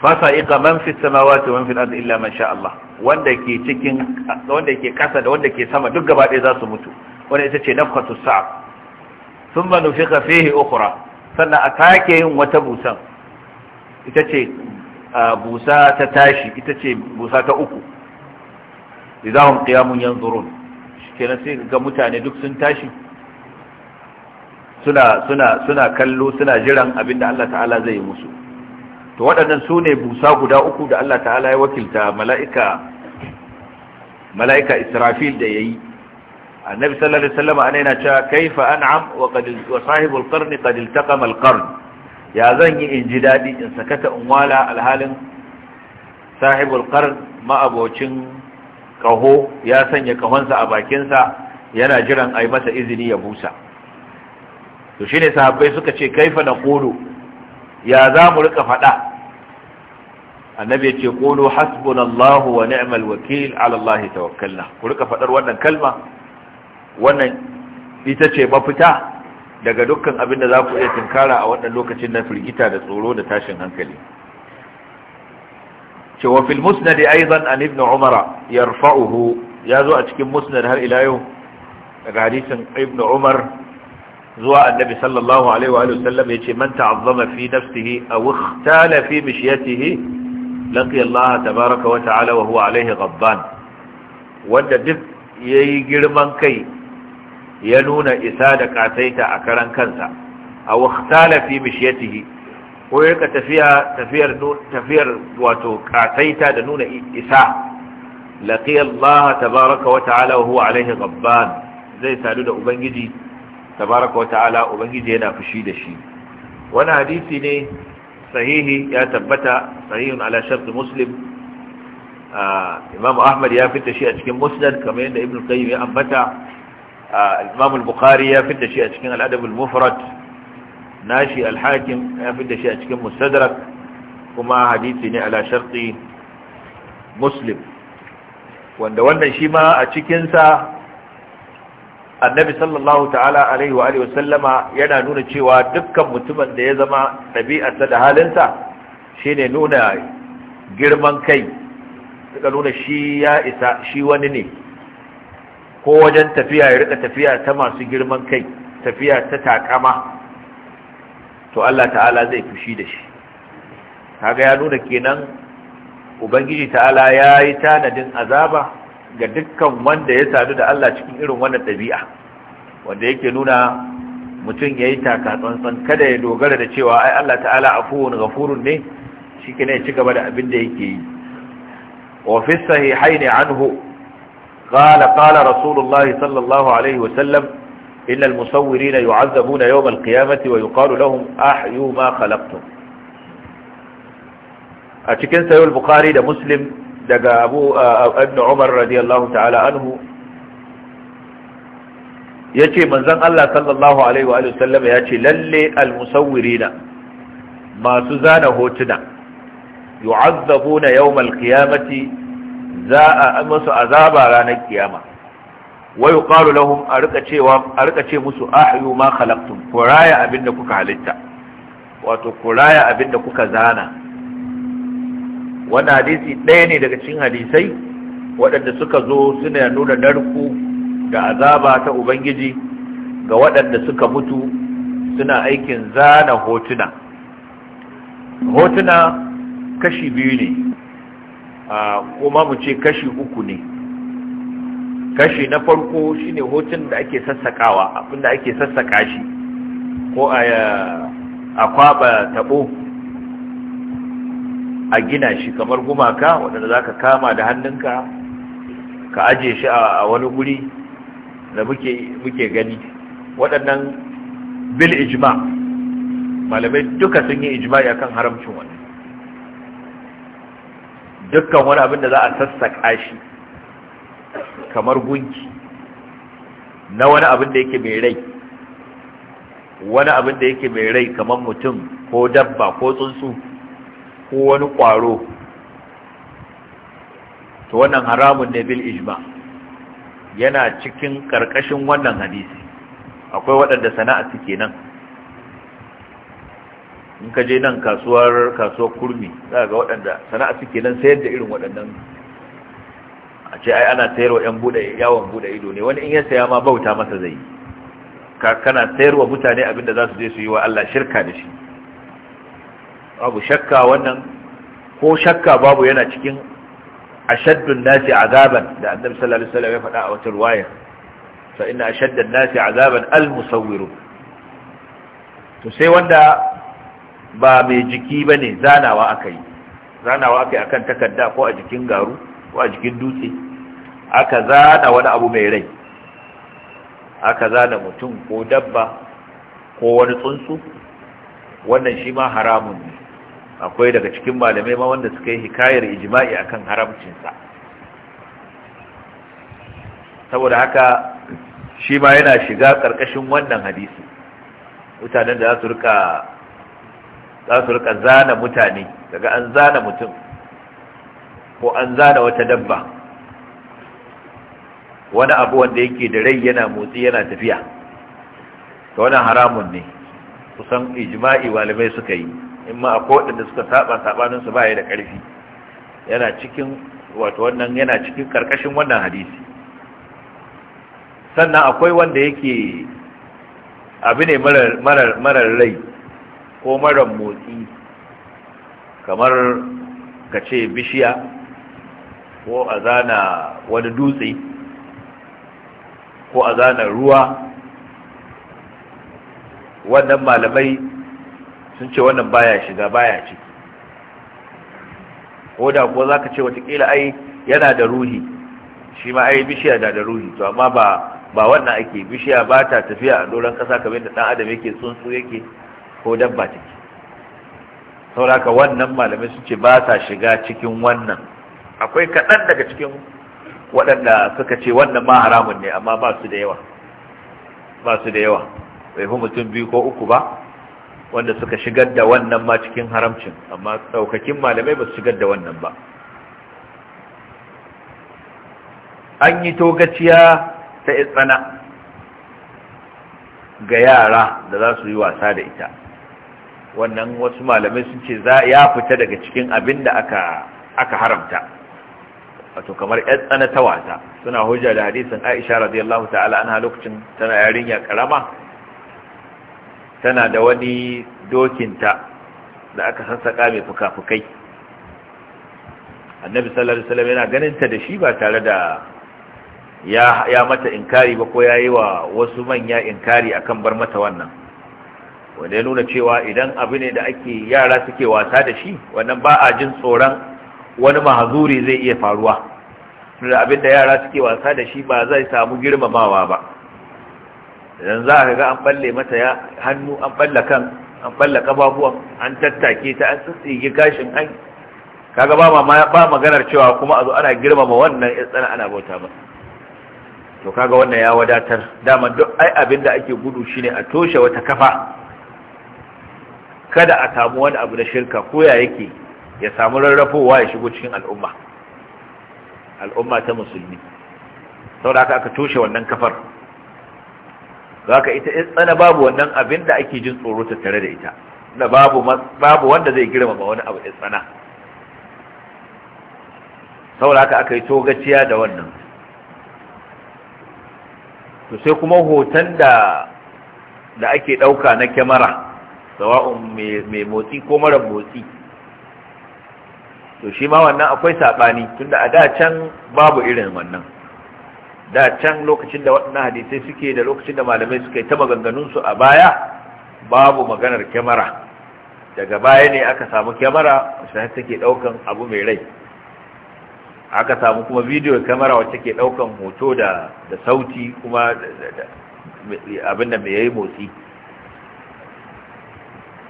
fasa'iqa man fi samawati wa man fil ardi illa man sha Allah wanda ke cikin wanda ke kasa da wanda ke sama duk gaba ɗaya za su mutu wanda ita ce nafkatus Sun thumma nufiqa fihi ukhra sannan a take yin wata busan ita ce busa ta tashi ita ce busa ta uku idahum qiyamun yanzurun kenan sai ga mutane duk sun tashi suna kallo suna jiran abinda Allah ta'ala zai musu to waɗannan su ne busa guda uku da Allah ta'ala ya wakilta mala'ika mala'ika Israfil da yayi nabi sallallahu alaihi wasallam ana yana cewa kaifa an'am wa qad wa sahibul qarn qad iltaqama ya zan yi in ji dadi in sakata in wala alhalin sahibul qarn ma'abocin kaho ya sanya kahonsa a bakinsa yana jiran ai masa izini ya busa to shine sahabbai suka ce kaifa naqulu ya za mu rika fada annabi yace qulu hasbunallahu wa ni'mal wakil ala allah tawakkalna ku rika fadar wannan kalma wannan ita ce mafita daga dukkan abin da za ku iya tinkara a wannan lokacin na firgita da tsoro da tashin hankali cewa fil musnad aidan an ibn umara yarfa'uhu yazo a cikin musnad har ila yau daga hadisin ibn umar zuwa annabi sallallahu alaihi wa sallam yace man ta'azzama fi nafsihi aw ikhtala fi mishyatihi laqiya Allah tabaaraka wa ta'ala wa huwa alaihi ghadban wanda duk yayi girman kai ya nuna isa da kasaita a karan kansa aw ikhtala fi mishyatihi ko tafiya tafiyar tafiyar wato kasaita da nuna isa laqiya Allah tabaaraka wa ta'ala wa huwa alaihi ghadban zai sadu da ubangiji tabaraka wa ta'ala ubangiji yana fushi da shi wani hadisi ne sahihi ya tabbata sahihun ala shart muslim imam ahmad ya fitta shi a cikin musnad kamar yadda ibn qayyim ya ambata imam al-bukhari ya fitta shi a cikin al al-mufrad nashi al-hakim ya fitta shi a cikin mustadrak kuma hadisi ne ala sharti muslim wanda wannan shi ma a cikinsa annabi sallallahu ta'ala alaihi wa sallama, yana nuna cewa dukkan mutumin da ya zama ɗabi'arsa da halinsa shine nuna girman kai suka nuna shi ya isa shi wani ne ko wajen tafiya ya rika tafiya ta masu girman kai tafiya ta takama to Allah ta'ala zai fushi da shi kaga ya nuna kenan ubangiji ta'ala ya yi tanadin azaba ga dukkan wanda ya sadu da Allah cikin irin wannan ɗabi'a wanda yake nuna mutum ya yi taka tsantsan kada ya dogara da cewa ai Allah ta'ala afuwun furun ne shi ke ne ci gaba da abin da yake yi ofis fi sahihai ne anhu qala qala rasulullahi sallallahu alaihi wa sallam innal musawwirina yu'azzabuna yawm al-qiyamati wa yuqalu lahum ahyu ma khalaqtum a cikin sahih bukhari da muslim daga abu uh, uh, ibn umar radiyallahu ta'ala anhu Ya yace manzon Allah sallallahu alaihi wa sallam ce lalle almusawwirina masu zana hotuna yu'azzabuna yawmal qiyamati za a musu azaba ranar kiyama wa yuqalu lahum a rika cewa a ce musu ahyu ma khalaqtum kuraya abinda kuka halitta wato kuraya abinda kuka zana wannan hadisi ɗaya ne daga cikin hadisai waɗanda suka zo suna nuna narku da azaba ta ubangiji ga waɗanda suka mutu suna aikin zana hotuna hotuna kashi biyu ne kuma mu ce kashi uku ne kashi na farko shine hotun da ake sassakawa abinda ake sassaka shi ko a kwaba taɓo. a gina shi kamar gumaka waɗanda za ka kama da hannunka ka aje shi a wani guri da muke gani waɗannan bil ijma malamai duka sun yi ijma a kan haramcin wani dukkan wani abin da za a sassaƙa shi kamar gunki na wani abin da yake mai rai wani abin da yake mai rai kamar mutum ko dabba ko tsuntsu ko wani ƙwaro to wannan haramun ne bil ijma yana cikin ƙarƙashin wannan hadisi akwai waɗanda sana'a suke nan in ka je nan kasuwar kasuwar kurmi za ga waɗanda sana'a suke nan sayar da irin waɗannan a ce ai ana sayarwa yan buɗe yawon buɗe ido ne wani in ya saya ma bauta masa zai ka kana sayarwa mutane abinda za su je su yi wa Allah shirka da shi babu shakka wannan ko shakka babu yana cikin ashaddun nasi azaban da annabi sallallahu alaihi wasallam ya faɗa a wata riwaya fa inna ashaddan nasi azaban al-musawwir to sai wanda ba mai jiki bane zanawa akai zanawa akai akan takarda ko a jikin garu ko a jikin dutse aka zana wani abu mai rai aka zana mutum ko dabba ko wani tsuntsu wannan shi ma haramun ne akwai daga cikin malamai ma wanda suka yi hikayar ijma'i akan haramcinsa saboda haka shi ma yana shiga ƙarƙashin wannan hadisi mutanen da za su rika zana mutane daga an zana mutum ko an zana wata dabba wani abu wanda yake da rai yana motsi yana tafiya ta wani haramun ne kusan ijma'i walimai suka yi in ma akwai waɗanda suka saba sabaninsu su baya da ƙarfi yana cikin wato wannan yana cikin ƙarƙashin wannan hadisi sannan akwai wanda yake abu ne marar rai ko marar motsi kamar ka ce bishiya ko a zana wani dutse ko a zana ruwa wannan malamai sun ce wannan baya shiga baya ciki ko da kuwa za ka ce watakila ai yana da ruhi shi ma ai bishiya da da ruhi to amma ba ba wannan ake bishiya ba ta tafiya a doron kasa kamar da ɗan adam yake tsuntsu yake ko dabba take sauraka wannan malamai sun ce ba sa shiga cikin wannan akwai kaɗan daga cikin waɗanda suka ce wannan ma haramun ne amma ba su da yawa ba su da yawa bai fi mutum biyu ko uku ba wanda suka shigar da wannan ma cikin haramcin amma saukakin malamai ba su shigar da wannan ba an yi togaciya ta itsana ga yara da za su yi wasa da ita wannan wasu malamai sun ce za ya fita daga cikin abin da aka haramta wato kamar ‘yan tsana ta wasa suna hujja da hadisin aisha radiyallahu ta'ala an lokacin tana yarinya karama tana da wani dokinta da aka sassaka mai fuka-fukai annabi sallallahu alaihi wasallam yana ganin ta da shi ba tare da ya ya mata inkari ba ko ya yi wa wasu manya inkari akan bar mata wannan wanda ya nuna cewa idan abu ne da ake yara suke wasa da shi wannan ba a jin tsoron wani mahazuri zai iya faruwa tunda abin da yara suke wasa da shi ba zai samu girmamawa ba idan za a ga an balle mata ya hannu an balla kan an balla an tattake ta an tsitsige gashin ai kaga ba mama ba maganar cewa kuma a zo ana girmama wannan tsana ana bauta masa to kaga wannan ya wadatar dama duk ai abin da ake gudu shine a toshe wata kafa kada a samu wani abu na shirka ko ya yake ya samu rarrafowa ya shigo cikin al'umma al'umma ta musulmi saboda haka aka toshe wannan kafar zaka ita tsana babu wannan abin da ake jin tsoro ta tare da ita da babu wanda zai girmama wani abu tsana saboda haka aka yi togaciya da wannan to sai kuma hoton da ake ɗauka na kyamara sawa'un mai motsi ko mara motsi to shi ma wannan akwai saɓani tunda a da can babu irin wannan da can lokacin da waɗannan hadisai suke da lokacin da malamai suka yi ta maganganunsu a baya babu maganar kyamara daga baya ne aka samu kyamara wacce take ɗaukan abu mai rai aka samu kuma bidiyo kyamara wacce ke ɗaukan hoto da sauti kuma abin da mai yayi motsi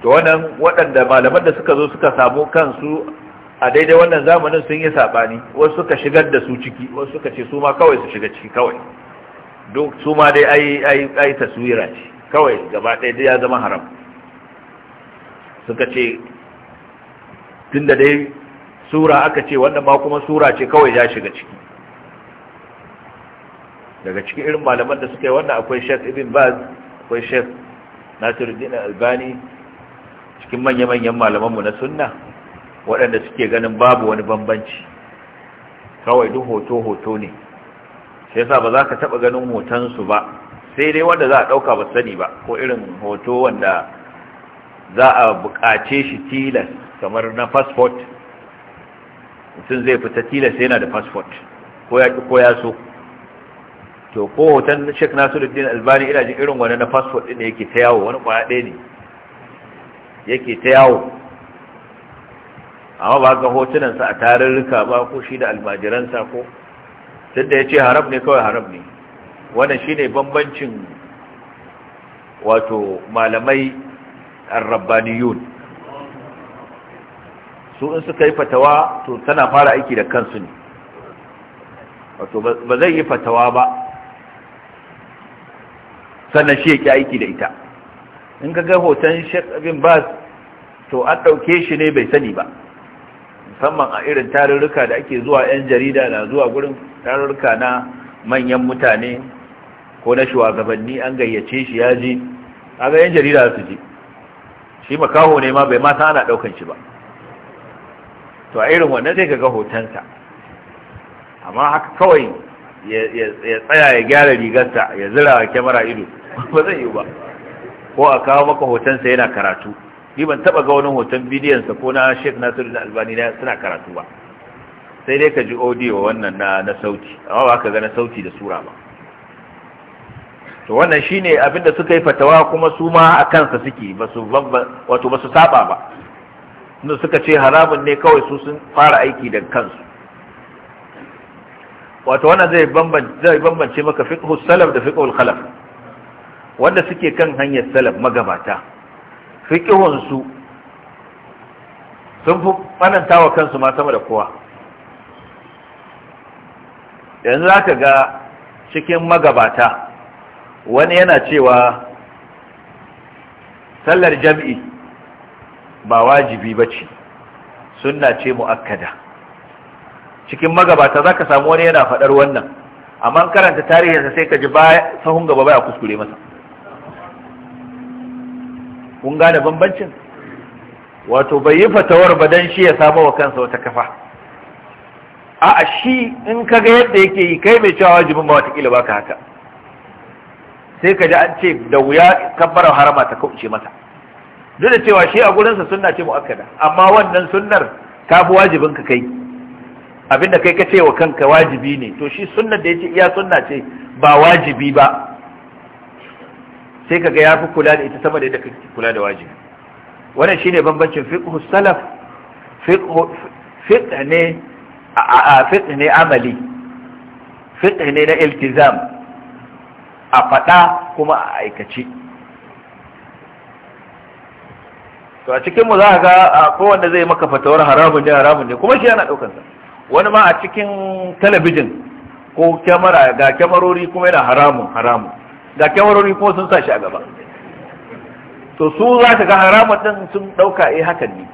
to wannan waɗanda malaman da suka zo suka samu kansu a daidai wannan zamanin sun yi sabani wasu suka shigar da su ciki wasu suka ce su ma kawai su shiga ciki kawai duk su ma dai ai ai ai taswira ce kawai gaba ɗaya ya zama haram suka ce tunda dai sura aka ce wannan ma kuma sura ce kawai ya shiga ciki daga cikin irin malaman da suka yi wannan akwai shek Ibn Baz akwai Nasiru Nasiruddin Albani cikin manya-manyan malamanmu na sunna waɗanda suke ganin babu wani bambanci kawai duk hoto-hoto ne sai yasa ba za ka taɓa ganin hotonsu ba sai dai wanda za a ɗauka ba sani ba ko irin hoto wanda za a buƙace shi tilas kamar na fasfot mutum zai fita tilas yana da fasfot ko ya ko ya so to ko hoton shek din albani ina jin irin wani na fasfot ɗin da yake ta yawo wani ƙwaya ɗaya ne yake ta yawo amma ba ga hotunansa a tarurruka ba ko shi da almajiransa ko tun da ya ce haram ne kawai haram ne wannan shi ne bambancin wato malamai al-rabbaniyun su in suka yi fatawa to tana fara aiki da kansu ne wato ba zai yi fatawa ba sannan shi yake aiki da ita in ka ga hoton shek abin ba to an ɗauke shi ne bai sani ba musamman a irin tarurruka da ake zuwa 'yan jarida na zuwa gurin tarurruka na manyan mutane ko na shugabanni an gayyace shi ya ji a ga 'yan jarida su ji shi makaho ne ma bai ma ana ɗaukan shi ba to a irin wannan zai ka ga hotonsa amma haka kawai ya tsaya ya gyara rigarsa ya zira kyamara ido ba zai yi ba ko a kawo maka hotonsa yana karatu ni ban taba ga wani hoton bidiyon sa ko na Sheikh Nasiruddin Albani na suna karatu ba sai dai ka ji audio wannan na na sauti amma ba ka ga na sauti da sura ba to wannan shine abinda suka yi fatawa kuma su ma a kansa suke ba su wato ba su saba ba inda suka ce haramun ne kawai su sun fara aiki da kansu wato wannan zai bambance zai bambance maka fiqhus salaf da fiqhul khalaf wanda suke kan hanyar salaf magabata fiƙihunsu sun fi tsananta wa kansu ma sama da kowa yanzu za ka ga cikin magabata wani yana cewa sallar jam'i ba wajibi ba ce sunna ce mu'akkada cikin magabata za ka samu wani yana faɗar wannan amma karanta tarihinsa sai ka ji sahun gaba baya kuskure masa kun gane bambancin wato bai yi fatawar ba dan shi ya samu wa kansa wata kafa a shi in ka ga yadda yake yi kai mai cewa wajibin ba watakila baka haka sai ka ji an ce da wuya kabbara harama ta kauce mata duk da cewa shi a gurinsa sunna ce mu'akkada amma wannan sunnar ta fi wajibin ka kai abinda kai ka ce wa kanka wajibi ne to shi sunnar da yace iya sunna ce ba wajibi ba sai kaga ya fi kula da ita sama da yadda kake kula da wajibi wannan shine bambancin fiqhu salaf fiqhu fiqh ne a fiqh ne amali fiqh ne na iltizam a faɗa kuma a aikace to a cikin mu za ga kowanne zai maka fatawar haramun ne haramun ne kuma shi yana ɗaukar sa wani ma a cikin talabijin ko kyamara ga kyamarori kuma yana haramun haramun ga kyamarori ko sun sa shi a gaba to su za su ga haramun din sun ɗauka eh hakan ne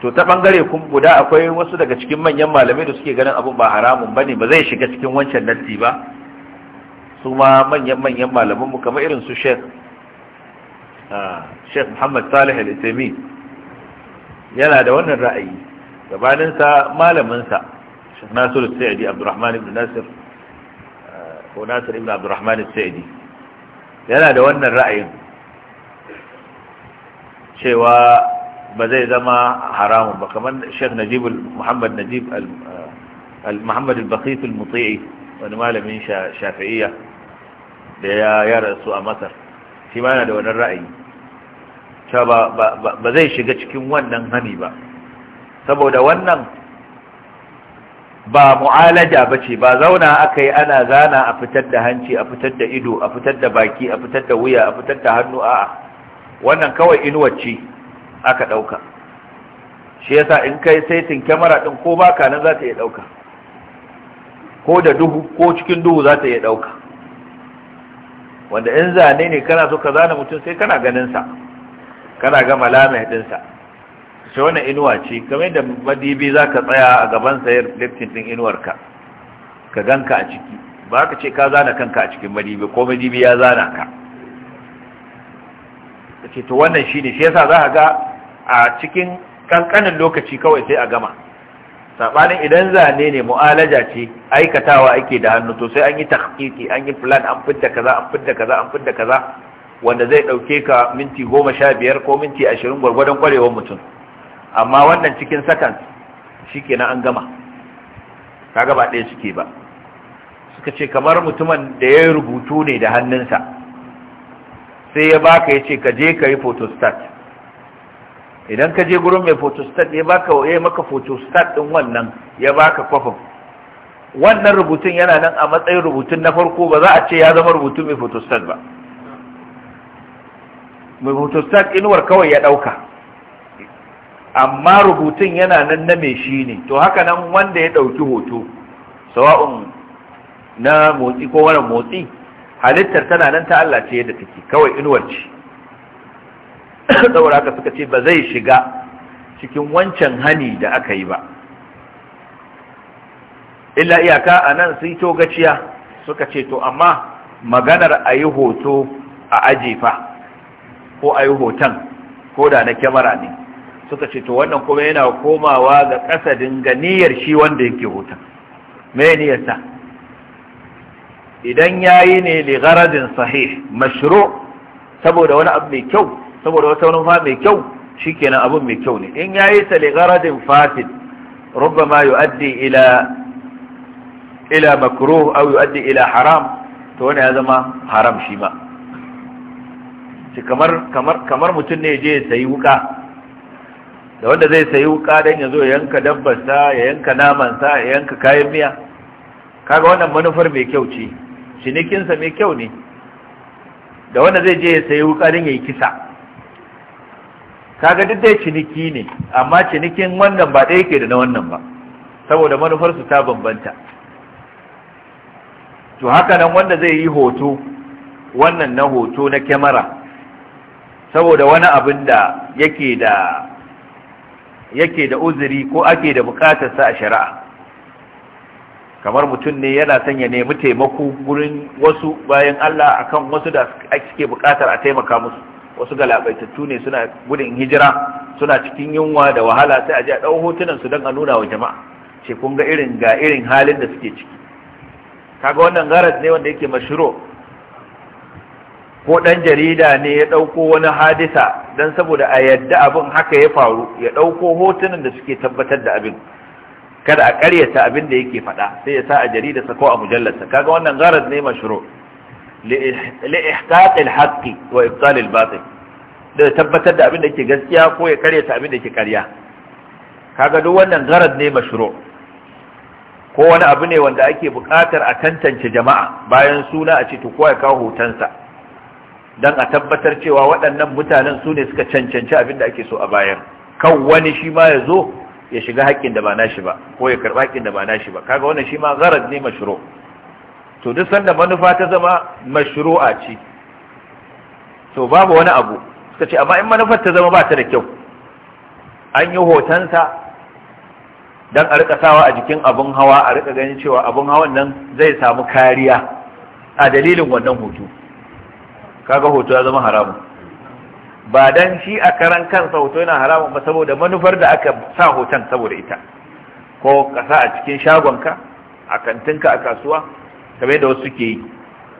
to ta ɓangare kun guda akwai wasu daga cikin manyan malamai da suke ganin abun ba haramun ba ne ba zai shiga cikin wancan nassi ba su ma manyan manyan malaman mu kamar irin su Sheikh ah, Sheikh Muhammad Salih Al-Uthaymeen yana da wannan ra'ayi gabaninsa malaminsa. malamin sa Sheikh Nasir Sa'idi Abdulrahman ibn Nasir ko nasir ibn abdurrahman al-sa'idi yana da wannan ra'ayin cewa ba zai zama haramun ba kamar sheikh najib muhammad najib al-muhammad al al-muti'i wani malamin shafi'iyya da ya yara su a masar shi ma yana da wannan ra'ayi cewa ba zai shiga cikin wannan hani ba saboda wannan ba mu'alaja bace ba zauna aka ana zana a fitar da hanci a fitar da ido a fitar da baki a fitar da wuya a fitar da hannu a'a wannan kawai inuwacce aka ɗauka shi yasa in kai saitin kyamara ɗin ko baka nan za ta iya ɗauka ko da duhu ko cikin duhu za ta iya ɗauka wanda in zane ne kana so ka zana mutum sai kana ganinsa kana ga malamai ɗinsa ce wani inuwa ce kamar da madibi za ka tsaya a gaban sayar liftin din inuwarka ka ganka a ciki ba ka ce ka zana kanka a cikin madibi ko madibi ya zana ka ka ce to wannan shi ne shi yasa za a ga a cikin kankanin lokaci kawai sai a gama saɓanin idan zane ne mu'alaja ce aikatawa ake da hannu to sai an yi tahqiqi an yi plan an fidda kaza an fidda kaza an fidda kaza wanda zai ɗauke ka minti goma sha biyar ko minti ashirin gwargwadon kwarewar mutum amma wannan cikin ke shikenan an gama ta gaba ɗaya suke ba suka ce kamar mutumin da ya yi rubutu ne da hannunsa sai ya baka ya ce ka je ka yi photostat idan ka je gurin mai photostat ya baka ya maka photostat din wannan ya baka kwafin wannan rubutun yana nan a matsayin rubutun na farko ba za a ce ya zama rubutu mai photostat ba mai photostat inuwar kawai ya ɗauka amma rubutun yana nan na mai shi ne to haka nan wanda ya ɗauki hoto sawa'un na motsi ko wani motsi halittar tana nan ta Allah ce yadda take kawai inuwar ce saboda haka suka ce ba zai shiga cikin wancan hani da aka yi ba illa iyaka a nan sun to gaciya suka ce to amma maganar a yi hoto a ajefa ko a yi hoton ko da na kyamara ne suka ce to wannan kuma yana komawa ga kasadin ganiyar shi wanda yake huta me niyyarsa idan yayi ne li gharadin sahih mashru saboda wani abu mai kyau saboda wata wani manufa mai kyau shikenan abu mai kyau ne in yayi ta li gharadin fasid ربما يؤدي إلى إلى مكروه أو يؤدي إلى حرام تون هذا ما حرام شيما kamar kamar kamar mutum ne je sayi wuka da wanda zai sayi wuka don ya zo ya yanka dabbarsa ya yanka namansa ya yanka kayan miya kaga wannan manufar mai kyau ce cinikinsa mai kyau ne da wanda zai je ya sayi wuka don ya yi kisa kaga duk dai ciniki ne amma cinikin wannan ba ɗaya ke da na wannan ba saboda manufarsu ta bambanta to haka nan wanda zai yi hoto wannan na hoto na kyamara saboda wani abin da yake da yake da uzuri ko ake da sa a shari'a kamar mutum ne yana son ya nemi taimako gurin wasu bayan Allah akan wasu da ake bukatar a taimaka musu wasu galabaitattu ne suna gudun hijira suna cikin yunwa da wahala sai a ji a ɗau hotunan su don a nuna wa jama'a ce kun ga irin ga irin halin da suke ciki kaga wannan garas ne wanda yake mashiro ko ɗan jarida ne ya ɗauko wani hadisa don saboda a yadda abin haka ya faru ya ɗauko hotunan da suke tabbatar da abin kada a ƙaryata abin da yake faɗa sai ya sa a jarida sa ko a mujallarsa kaga wannan gharaz ne mashru li ihqaqil haqqi wa ibtalil batil da tabbatar da abin da yake gaskiya ko ya ƙaryata abin da yake ƙarya kaga duk wannan gharaz ne mashru ko wani abu ne wanda ake buƙatar a tantance jama'a bayan suna a ce to kowa ya kawo hotonsa don a tabbatar cewa waɗannan mutanen su ne suka cancanci abin da ake so a bayan kan wani shi ma ya zo ya shiga haƙƙin da ba nashi ba ko ya karɓa haƙƙin da ba nashi ba kaga wannan shi ma zarar ne mashuro to duk sanda manufa ta zama a ce to babu wani abu suka ce amma in manufar ta zama ba ta da kyau an yi hotonsa don a rika sawa a jikin abin hawa a rika ganin cewa abin hawan nan zai samu kariya a dalilin wannan hoto kaga hoto ya zama haramun ba dan shi a karan kansa hoto yana haramun ba saboda manufar da aka sa hoton saboda ita ko kasa a cikin shagonka a kantinka a kasuwa kamar da wasu ke yi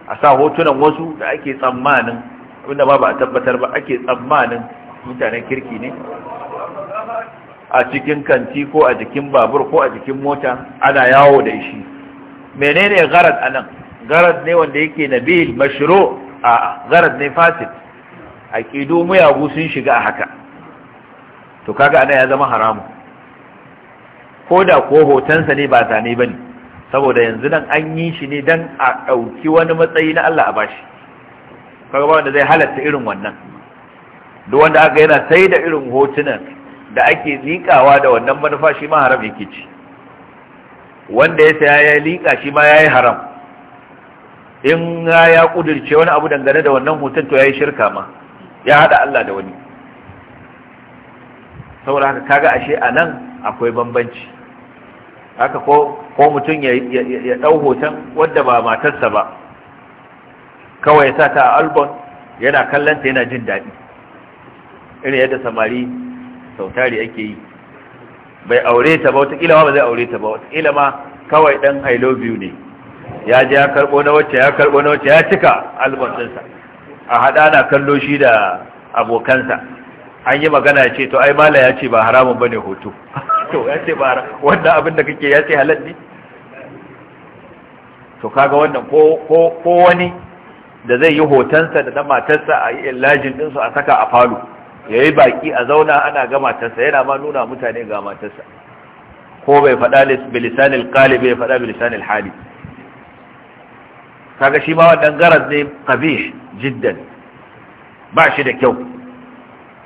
a sa hotunan wasu da ake tsammanin abinda ba ba a tabbatar ba ake tsammanin mutanen kirki ne a cikin kanti ko a jikin babur ko a jikin mota ana yawo da shi menene garad anan garad ne wanda yake nabil mashru A'a, zarar ne fasid aqidu muyagu sun shiga a haka to kaga ana ya zama haramu ko da ko hotonsa ne ba zane bane saboda yanzu nan an yi shi ne dan a dauki wani matsayi na Allah a bashi kaga ba wanda zai halatta irin wannan duk wanda aka yana sai da irin hotunan da ake likawa da wannan manufa shi ma haram yake ci wanda ya saya ya liƙa shi ma yi haram in ya kudirce wani abu dangane da wannan hoton to ya yi shirka ma ya hada Allah da wani saboda haka kaga ashe a nan akwai bambanci haka ko mutum ya ɗau dau hoton wadda ba matarsa ba kawai ya sa ta a albon yana kallanta yana jin daɗi irin yadda samari sautari ake yi bai aure ta ba watakila ba zai aure ta ba Watakila ma kawai ɗan i love you ne ya je ya karbo na wacce ya karbo na wacce ya cika albansinsa a haɗa na kallo shi da abokansa an yi magana ya ce to ai mala ya ce ba haramun ba ne hoto to ya ce ba wannan abin da kake ya ce halal ne to kaga wannan ko wani da zai yi hotonsa da na matarsa a yi illajin ɗinsu a saka a falo ya yi baƙi a zauna ana ga matarsa yana ma nuna mutane ga matarsa ko bai faɗa bilisanil ƙali bai faɗa bilisanil hali kaga shi ma wannan garas ne qabish jiddan ba shi da kyau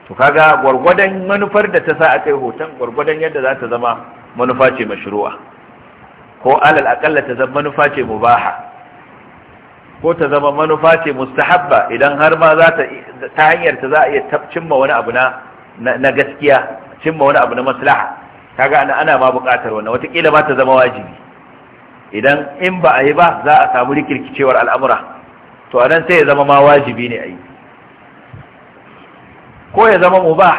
to kaga gwargwadon manufar da ta sa akai hoton gwargwadon yadda za ta zama manufa ce mashru'a ko alal aqalla ta zama manufa ce mubaha ko ta zama manufa ce mustahabba idan har ma za ta ta hanyar ta za a iya cimma wani abu na na gaskiya cimma wani abu na maslaha kaga ana ana ma buƙatar wannan watakila ba ta zama wajibi idan in ba a yi ba za a samu rikirkicewar al'amura to a nan sai ya zama ma wajibi ne a yi ko ya zama mu ba,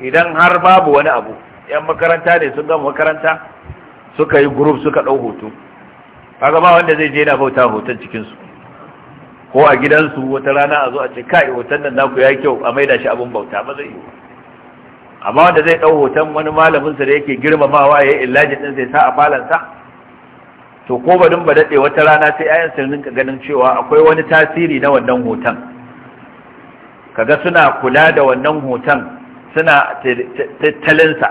idan har babu wani abu yan makaranta ne sun gama makaranta suka yi group suka ɗau hoto kaga ba wanda zai je na bauta hoton cikinsu ko a gidansu wata rana a zo a ce kai hoton nan naku ya kyau a maida shi abin bauta ba zai yi amma wanda zai ɗau hoton wani malaminsa da yake girmamawa ya yi illajin ɗin sai sa a falansa to ko barin ba daɗe wata rana sai ayan sun rinka ganin cewa akwai wani tasiri na wannan hoton kaga suna kula da wannan hoton suna tattalinsa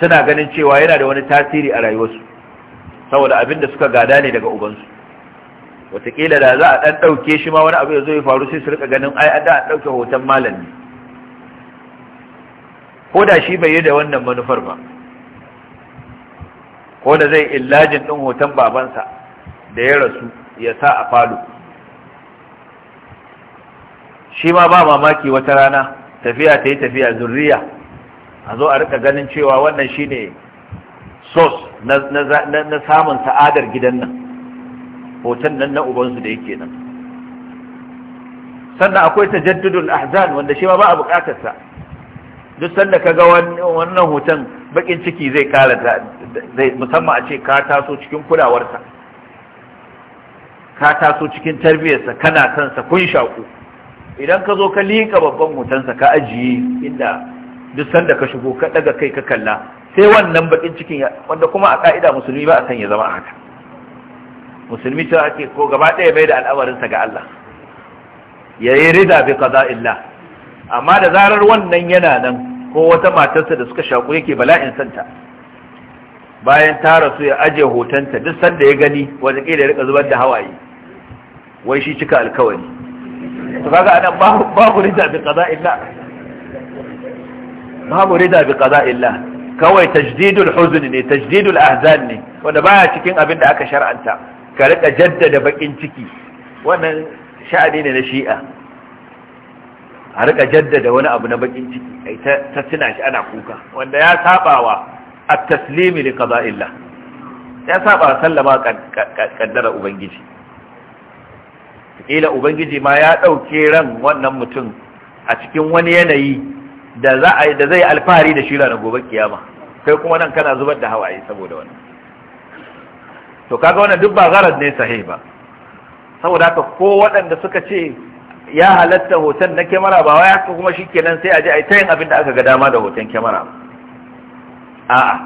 suna ganin cewa yana da wani tasiri a rayuwarsu saboda abin da suka gada ne daga ubansu wataƙila da za a ɗan ɗauke shi ma wani abu ya zo ya faru sai su rika ganin ai an da an ɗauke hoton malami ko da shi bai yi da wannan manufar ba ko da zai illajin ɗin hoton babansa da ya rasu ya sa a falo shi ma ba mamaki wata rana tafiya ta yi tafiya zurriya a zo a rika ganin cewa wannan ne sos na samun sa'adar gidan nan hoton nan na ubansu da yake nan sannan akwai tajaddudul ahzan wanda shi ma ba a bukatarsa duk sanda ka ga wannan hoton bakin ciki zai kara da musamman a ce ka taso cikin kulawarsa ka taso cikin tarbiyyarsa kana son sa kun shaku idan ka zo ka liƙa babban mutansa, ka ajiye inda duk sanda ka shigo ka daga kai ka kalla sai wannan bakin cikin wanda kuma a ka'ida musulmi ba a san ya zama haka musulmi ta ake ko gaba ɗaya mai da al'amarinsa ga Allah ya yi rida bi qada'illah amma da zarar wannan yana nan ko wata matarsa da suka shaku yake bala'in santa bayan ta rasu ya aje hotonta duk sanda ya gani wanda kila ya rika zubar da hawaye wai shi cika alkawari to kaga anan babu rida bi qada illa babu rida bi qada illa kawai tajdidul huzn ne tajdidul ahzan ne wanda baya cikin abin da aka shar'anta ka rika jaddada bakin ciki wannan sha'ani ne na shi'a a rika jaddada wani abu na bakin ciki ai ta tuna shi ana kuka wanda ya sabawa at-taslimi li qada'illah ya saba sallama kaddara ubangiji ila ubangiji ma ya dauke ran wannan mutum a cikin wani yanayi da za a da zai alfahari da shi ranar gobe kiyama kai kuma nan kana zubar da hawaye saboda wannan to kaga wannan duk ba zarar ne sahiba ba saboda ka ko waɗanda suka ce ya halatta hoton na kyamara ba wai haka kuma shi kenan sai a je a yi ta yin abin da aka ga dama da hoton kyamara a'a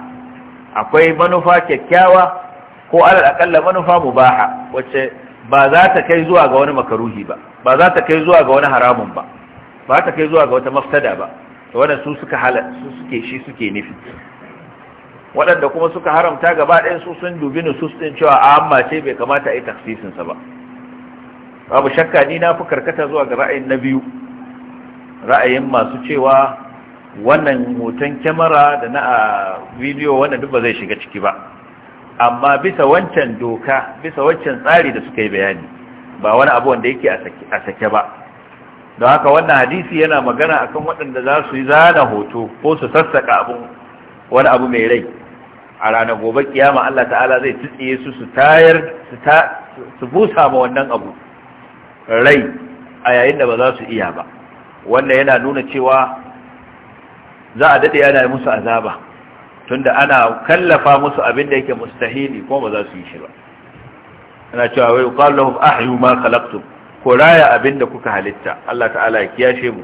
akwai manufa kyakkyawa ko alal akalla manufa mubaha wacce ba za ta kai zuwa ga wani makaruhi ba ba za ta kai zuwa ga wani haramun ba ba ta kai zuwa ga wata mafsada ba wannan su suka hala su suke shi suke nufi waɗanda kuma suka haramta gaba ɗayan su sun dubi nusus ɗin cewa a amma ce bai kamata a yi taksisinsa ba babu shakka ni na fi karkata zuwa ga ra'ayin na biyu ra'ayin masu cewa wannan hoton kyamara da na a bidiyo wannan duk ba zai shiga ciki ba amma bisa wancan doka bisa wancan tsari da suka yi bayani ba wani abu wanda yake a sake ba don haka wannan hadisi yana magana akan waɗanda za su yi zana hoto ko su sassaka abun wani abu mai rai a ranar gobe kiyama Allah ta'ala zai tsitsiye su su tayar su busa ma wannan abu rai a yayin da ba za su iya ba wannan yana nuna cewa za a daɗe yana musu azaba tunda ana kallafa musu abin da yake mustahili kuma ba za su yi shi ba ana cewa wai yuqalu lahum ahyu ma khalaqtum ko raya abin da kuka halitta Allah ta'ala ya kiyashe mu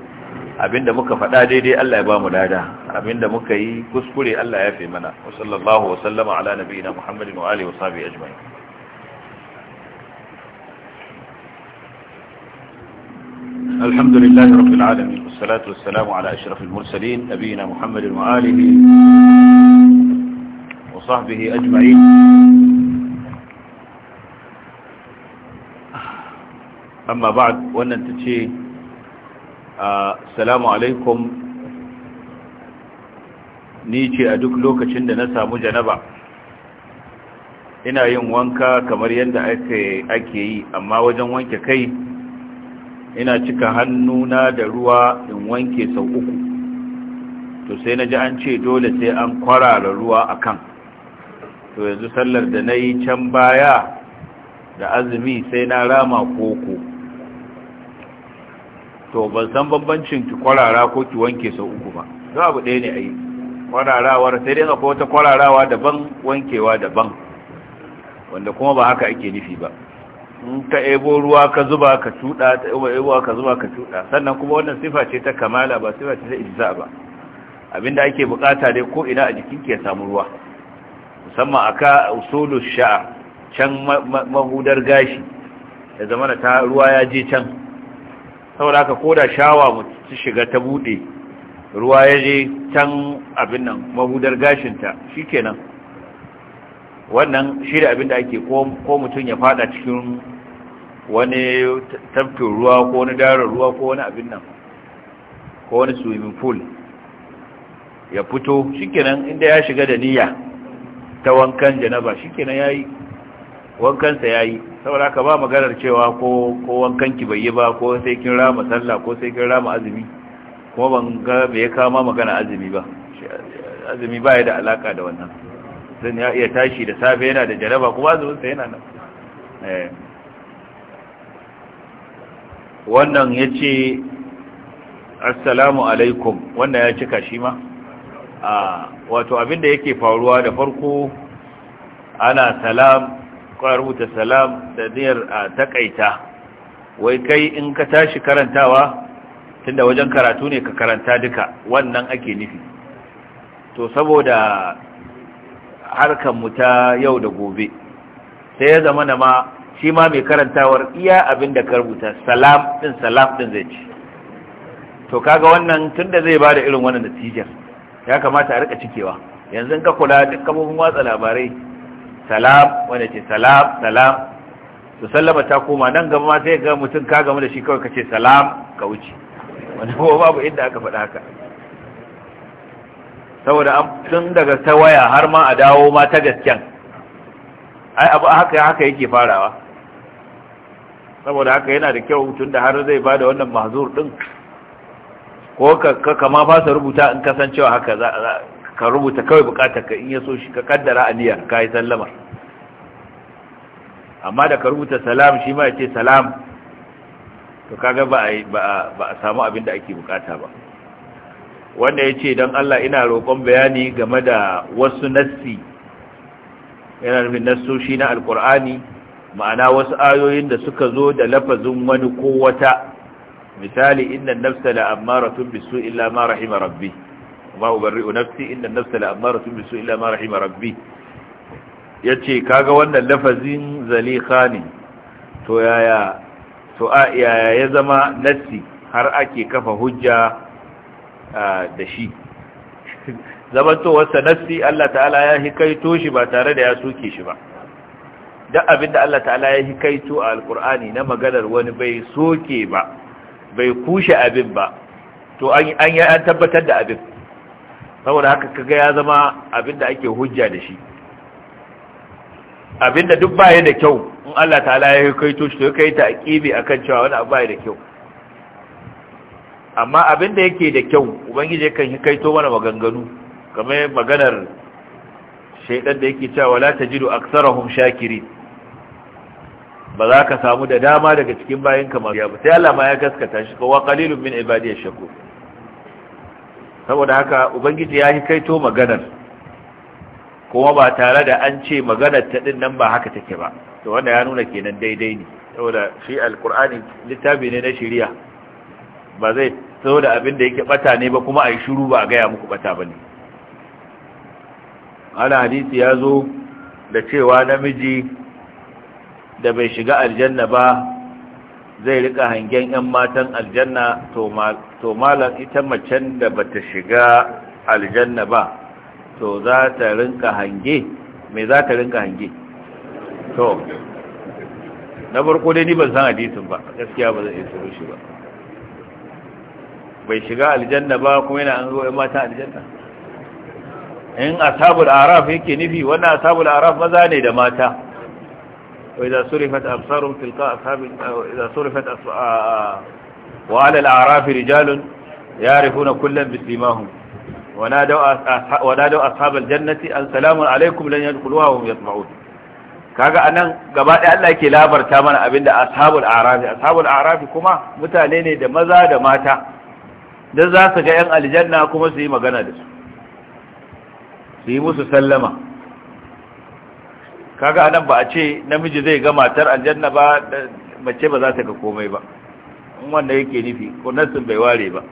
abin da muka faɗa daidai Allah ya ba mu dada abin da muka yi kuskure Allah ya fi mana wa sallallahu wa sallama ala nabiyina Muhammadin wa alihi wa sahbihi ajma'in الحمد لله رب العالمين والصلاة والسلام على أشرف المرسلين نبينا محمد وآله وصحبه أجمعين أما بعد wannan tace ah, assalamu alaikum ni ce a duk lokacin da na samu janaba ina yin wanka kamar yadda ake yi amma wajen wanke kai ina cika hannuna da ruwa in wanke sau uku to sai na ji an ce dole sai an kwarara ruwa akan. kan to yanzu sallar da na yi can baya da azumi sai na rama koko to ban san bambancin ki kwarara ko ki wanke sau uku ba za abu ɗaya ne a yi kwararawar sai dai akwai wata kwararawa daban wankewa daban wanda kuma ba haka ake nufi ba in ka ebo ruwa ka zuba ka cuda ta ebo ebo ka zuba ka cuda sannan kuma wannan sifa ce ta kamala ba sifa ce ta ijza ba abinda ake bukata dai ko ina a jikin ya samu ruwa musamman aka usulu sha'a can mahudar gashi da zamana ta ruwa ya je can saboda haka koda shawa mutu shiga ta bude ruwa ya je can abin nan mahudar gashinta shikenan wannan shi da abin da ake ko mutum ya fada cikin wani tafkin ruwa ko wani darar ruwa ko wani abin nan ko wani swimming pool ya fito shikenan inda ya shiga da niyya ta wankan janaba shikenan yayi wankansa yayi saboda ka ba maganar cewa ko ko wankan ki bai yi ba ko sai kin rama sallah ko sai kin rama azumi kuma ban ga me ya kama magana azumi ba azumi ba ya da alaka da wannan zan ya iya tashi da safe yana da jaraba kuma azumin sa yana nan eh wannan ya ce assalamu alaikum wannan ya cika shi ma a wato abinda yake faruwa da farko ana salam rubuta salam da niyar a takaita wai kai in ka tashi karantawa tunda wajen karatu ne ka karanta duka wannan ake nufi to saboda harkar mu ta yau da gobe sai ya zama na ma shi ma mai karantawar iya abin da ka rubuta salam din salam din zai ci to kaga wannan tunda zai ba da irin wannan natijar ya kamata a rika cikewa yanzu ka kula duk kafofin watsa labarai salam wanda ce salam salam to sallama ta koma nan gaba ma sai ga mutum ka gamu da shi kawai ka ce salam ka wuce wani kuma babu inda aka faɗa haka saboda tun daga ta waya har ma a dawo ma ta gasken ai abu haka haka yake farawa saboda haka yana da kyau tun da har zai bada wannan mahzur din ko ka kama fasa rubuta in kasancewa haka ka rubuta kawai bukatar ka in ya so shi ka kaddara aliyar ka yi sallama amma da ka rubuta salam shi ma ya ce salam to kaga ba a samu abin da ake bukata ba wanda ya ce don Allah ina roƙon bayani game da wasu nassi yana nufin nassoshi na alkur'ani ma'ana wasu ayoyin da suka zo da lafazin wani ko wata misali inna nafsa la'ammaratun bisu illa ma rahima rabbi ma ubarri'u nafsi inna nafsa la'ammaratun bisu illa ma rahima rabbi yace kaga wannan lafazin zaliha ne to yaya to a yaya ya zama nassi har ake kafa hujja da shi zamantowarsa nassi Allah ta'ala ya hikaito shi ba tare da ya soke shi ba duk abinda Allah ta'ala ya yi hikaito a alkur'ani na maganar wani bai soke ba bai kushe abin ba to an yi an tabbatar da abin saboda haka kaga ya zama abinda ake hujja da shi abinda duk baya da kyau in Allah ta'ala ya hikaito shi to kai ta aqibi akan cewa wani abu baya da kyau amma abinda yake da kyau ubangiji kan kaito mana maganganu kamar maganar shaidan da yake cewa la tajidu aktsarahum shakirin ba za ka samu da dama daga cikin bayan kamar ya sai Allah ma ya gaskata shi kowa qalilun min ibadiyash shakur saboda haka ubangiji ya yi kaito maganar kuma ba tare da an ce maganar ta din nan ba haka take ba to wanda ya nuna kenan daidai ne saboda shi alqur'ani littafi ne na shari'a ba zai saboda abin da yake bata ne ba kuma yi shiru ba a gaya muku bata bane ana hadisi ya zo da cewa namiji da bai shiga aljanna ba zai rika hangen 'yan matan aljanna to malam ita macen da bata shiga aljanna ba to za ta rinka hange mai za ta rinka hange to na farko dai ni ban san hadisin ba gaskiya ba zai iya shi ba bai shiga aljanna ba kuma yana an zo 'yan matan aljanna in asabul araf yake nufi wannan asabul araf maza ne da mata وإذا صرفت أبصارهم تلقاء أصحاب إذا صرفت وعلى الأعراف رجال يعرفون كلا ونادوا أصحاب, الجنة أن سلام عليكم لن يدخلوها وهم يطمعون kaga anan gaba ɗaya Allah yake labarta mana abinda ashabul a'rafi ashabul a'rafi kuma mutane ne da maza da mata da za su ga 'yan aljanna kuma su yi magana da su su yi musu sallama kaga anan ba a ce namiji zai ga matar aljanna ba mace ba za ta ga komai ba in wanda yake nufi ko nasin bai ware ba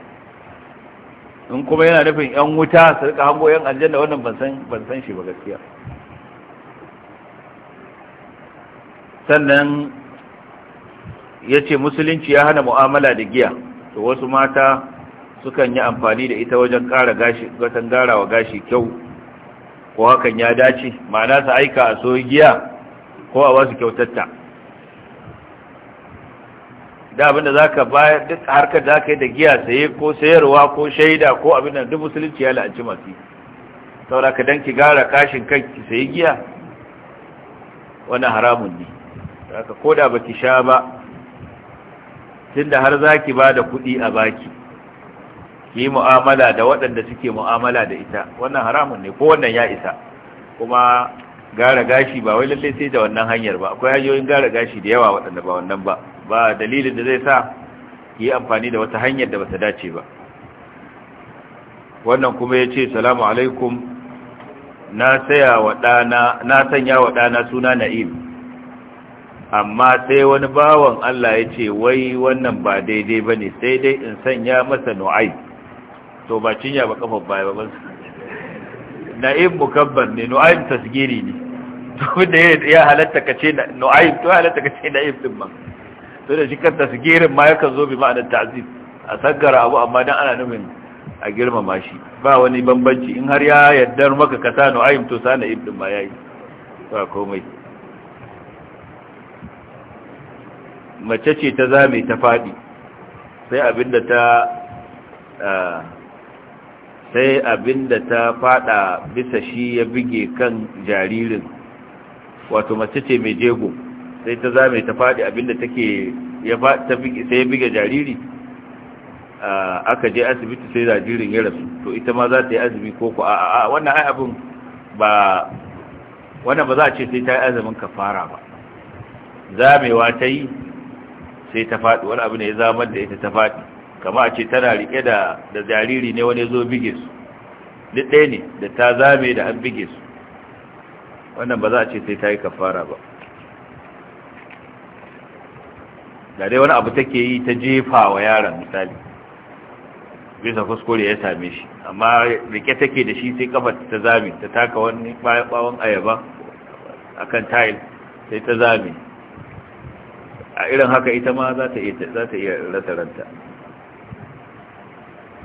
in kuma yana nufin yan wuta su rika hango yan aljanna wannan ban san ban san shi ba gaskiya sannan ya ce musulunci ya hana mu'amala da giya to wasu mata sukan yi amfani da ita wajen ƙara gashi wajen garawa gashi kyau ko hakan ya dace ma'ana su aika a sogiya ko a wasu kyautatta da abinda za ka bayar duk harkar da ka yi da giya saye ko sayarwa ko shaida ko abin da duk musulunci ya la'anci masu saura ka don gara kashin kan ki sayi giya wani haramun ne da ka koda ba ki sha ba tun da har za ki ba da kuɗi a baki ki mu'amala da waɗanda suke mu'amala da ita wannan haramun ne ko wannan ya isa kuma gara gashi ba wai lalle sai da wannan hanyar ba akwai hanyoyin gara gashi da yawa waɗanda ba wannan ba ba dalilin da zai sa yi amfani da wata hanyar da bata dace ba wannan kuma ya ce salamu alaikum na saya wa ɗana na sanya wa ɗana suna na'im amma sai wani bawan Allah ya ce wai wannan ba daidai ba ne sai dai in sanya masa Nu'ayi. to ba cinya ba kafar baya ba na'im mukabban ne nu'aim tasgiri ne to da ya halatta kace nu'aim to ya halatta kace na'im din ma to da shi kan tasgirin ma yakan zo bi ma'anar ta'zim a sagara abu amma dan ana nufin a girmama shi ba wani bambanci in har ya yadda maka ka sa nu'aim to sa na'im din ma yayi ba komai mace ce ta zame ta fadi sai abinda ta ah, sai abinda ta fada bisa shi ya bige kan jaririn wato mace ce mai jego sai ta zame ta fadi abinda take ya ta bige sai ya bige jariri aka je asibiti sai jaririn ya rasu to ita ma za ta yi azumi ko ku a'a wannan ai abin ba wannan ba za a ce sai ta yi azumin kafara ba zamewa ta yi sai ta faɗi wani abu ne ya zama da ita ta faɗi kama a ce tana rike da da jariri ne wani zo bige su duk ɗaya ne da ta zame da an bige su wannan ba za a ce sai ta yi kafara ba da dai wani abu take yi ta jefa wa yaron misali bisa kuskure ya same shi amma rike take da shi sai kafar ta zame ta taka wani bawon ayaba a kan tile sai ta zame a irin haka ita ma za ta iya rataranta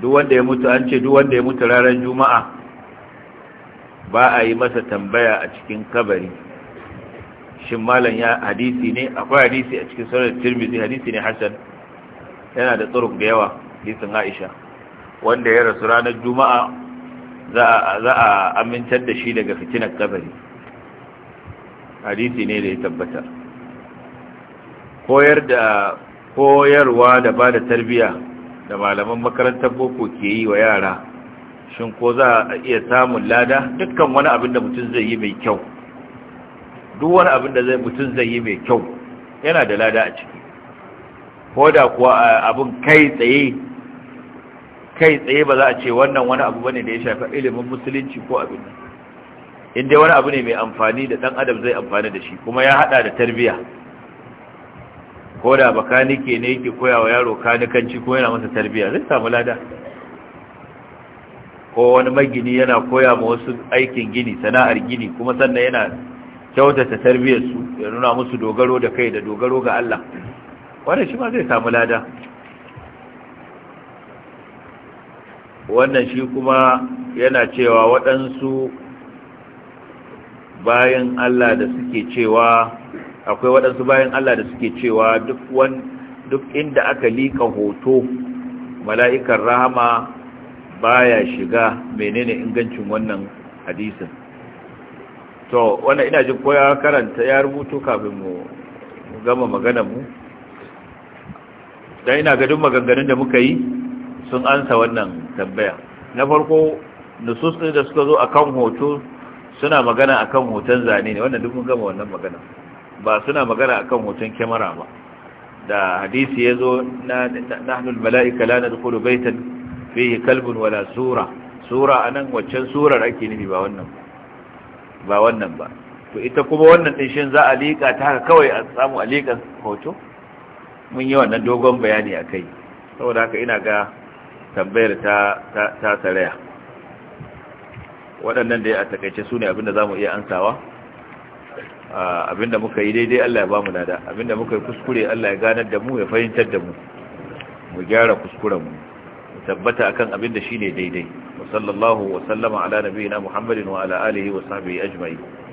duk wanda ya mutu an ce duk wanda ya mutu ranar juma'a ba a yi masa tambaya a cikin kabari shin malam ya hadisi ne akwai hadisi a cikin sunan tirmidhi hadisi ne Hassan. yana da tsoron da yawa hadisin aisha wanda ya rasu ranar juma'a za a amintar da shi daga fitinar kabari hadisi ne da ya tabbata koyar da koyarwa da ba da tarbiyya da malaman makarantar boko ke yi wa yara shin ko za a iya samun lada dukkan wani abin da mutum zai yi mai kyau duk wani abin da zai mutum zai yi mai kyau yana da lada a ciki ko da kuwa abin kai tsaye kai tsaye ba za a ce wannan wani abu bane da ya shafi ilimin musulunci ko abin in dai wani abu ne mai amfani da dan adam zai amfani da shi kuma ya hada da tarbiyya ko da nike ne yake koya wa yaro kanikanci ko yana masa tarbiya zai samu lada ko wani magini yana koya ma wasu aikin gini sana'ar gini kuma sannan yana kyautata tarbiyarsu ya nuna musu dogaro da kai da dogaro ga Allah wannan shi ma zai samu lada wannan shi kuma yana cewa waɗansu bayan Allah da suke cewa akwai waɗansu bayan Allah da suke cewa duk duk inda aka lika hoto mala'ikan rahama baya shiga menene ingancin wannan hadisin to wannan ina jin koya karanta ya rubutu kafin mu gama magana mu dan ina ga duk maganganun da muka yi sun ansa wannan tambaya na farko nusus da suka zo akan hoto suna magana akan hoton zane ne wannan duk mun gama wannan magana ba suna magana akan hoton kyamara ba da hadisi ya zo na nahnul mala'ika la nadkhulu baitan fihi kalbun wala sura sura anan waccan surar ake nufi ba wannan ba wannan ba to ita kuma wannan din shin za a lika ta haka kawai a samu a liƙa hoto mun yi wannan dogon bayani akai saboda haka ina ga tambayar ta ta, ta saraya waɗannan da ya a takaice su ne abinda za mu iya ansawa abinda muka yi daidai Allah ya bamu nada abinda muka yi kuskure Allah ya ganar da mu ya fahimtar da mu mu gyara kuskuren mu tabbata akan abinda shine daidai wa sallallahu wa sallama ala nabiyina muhammadin wa ala alihi wa sahbihi ajma'in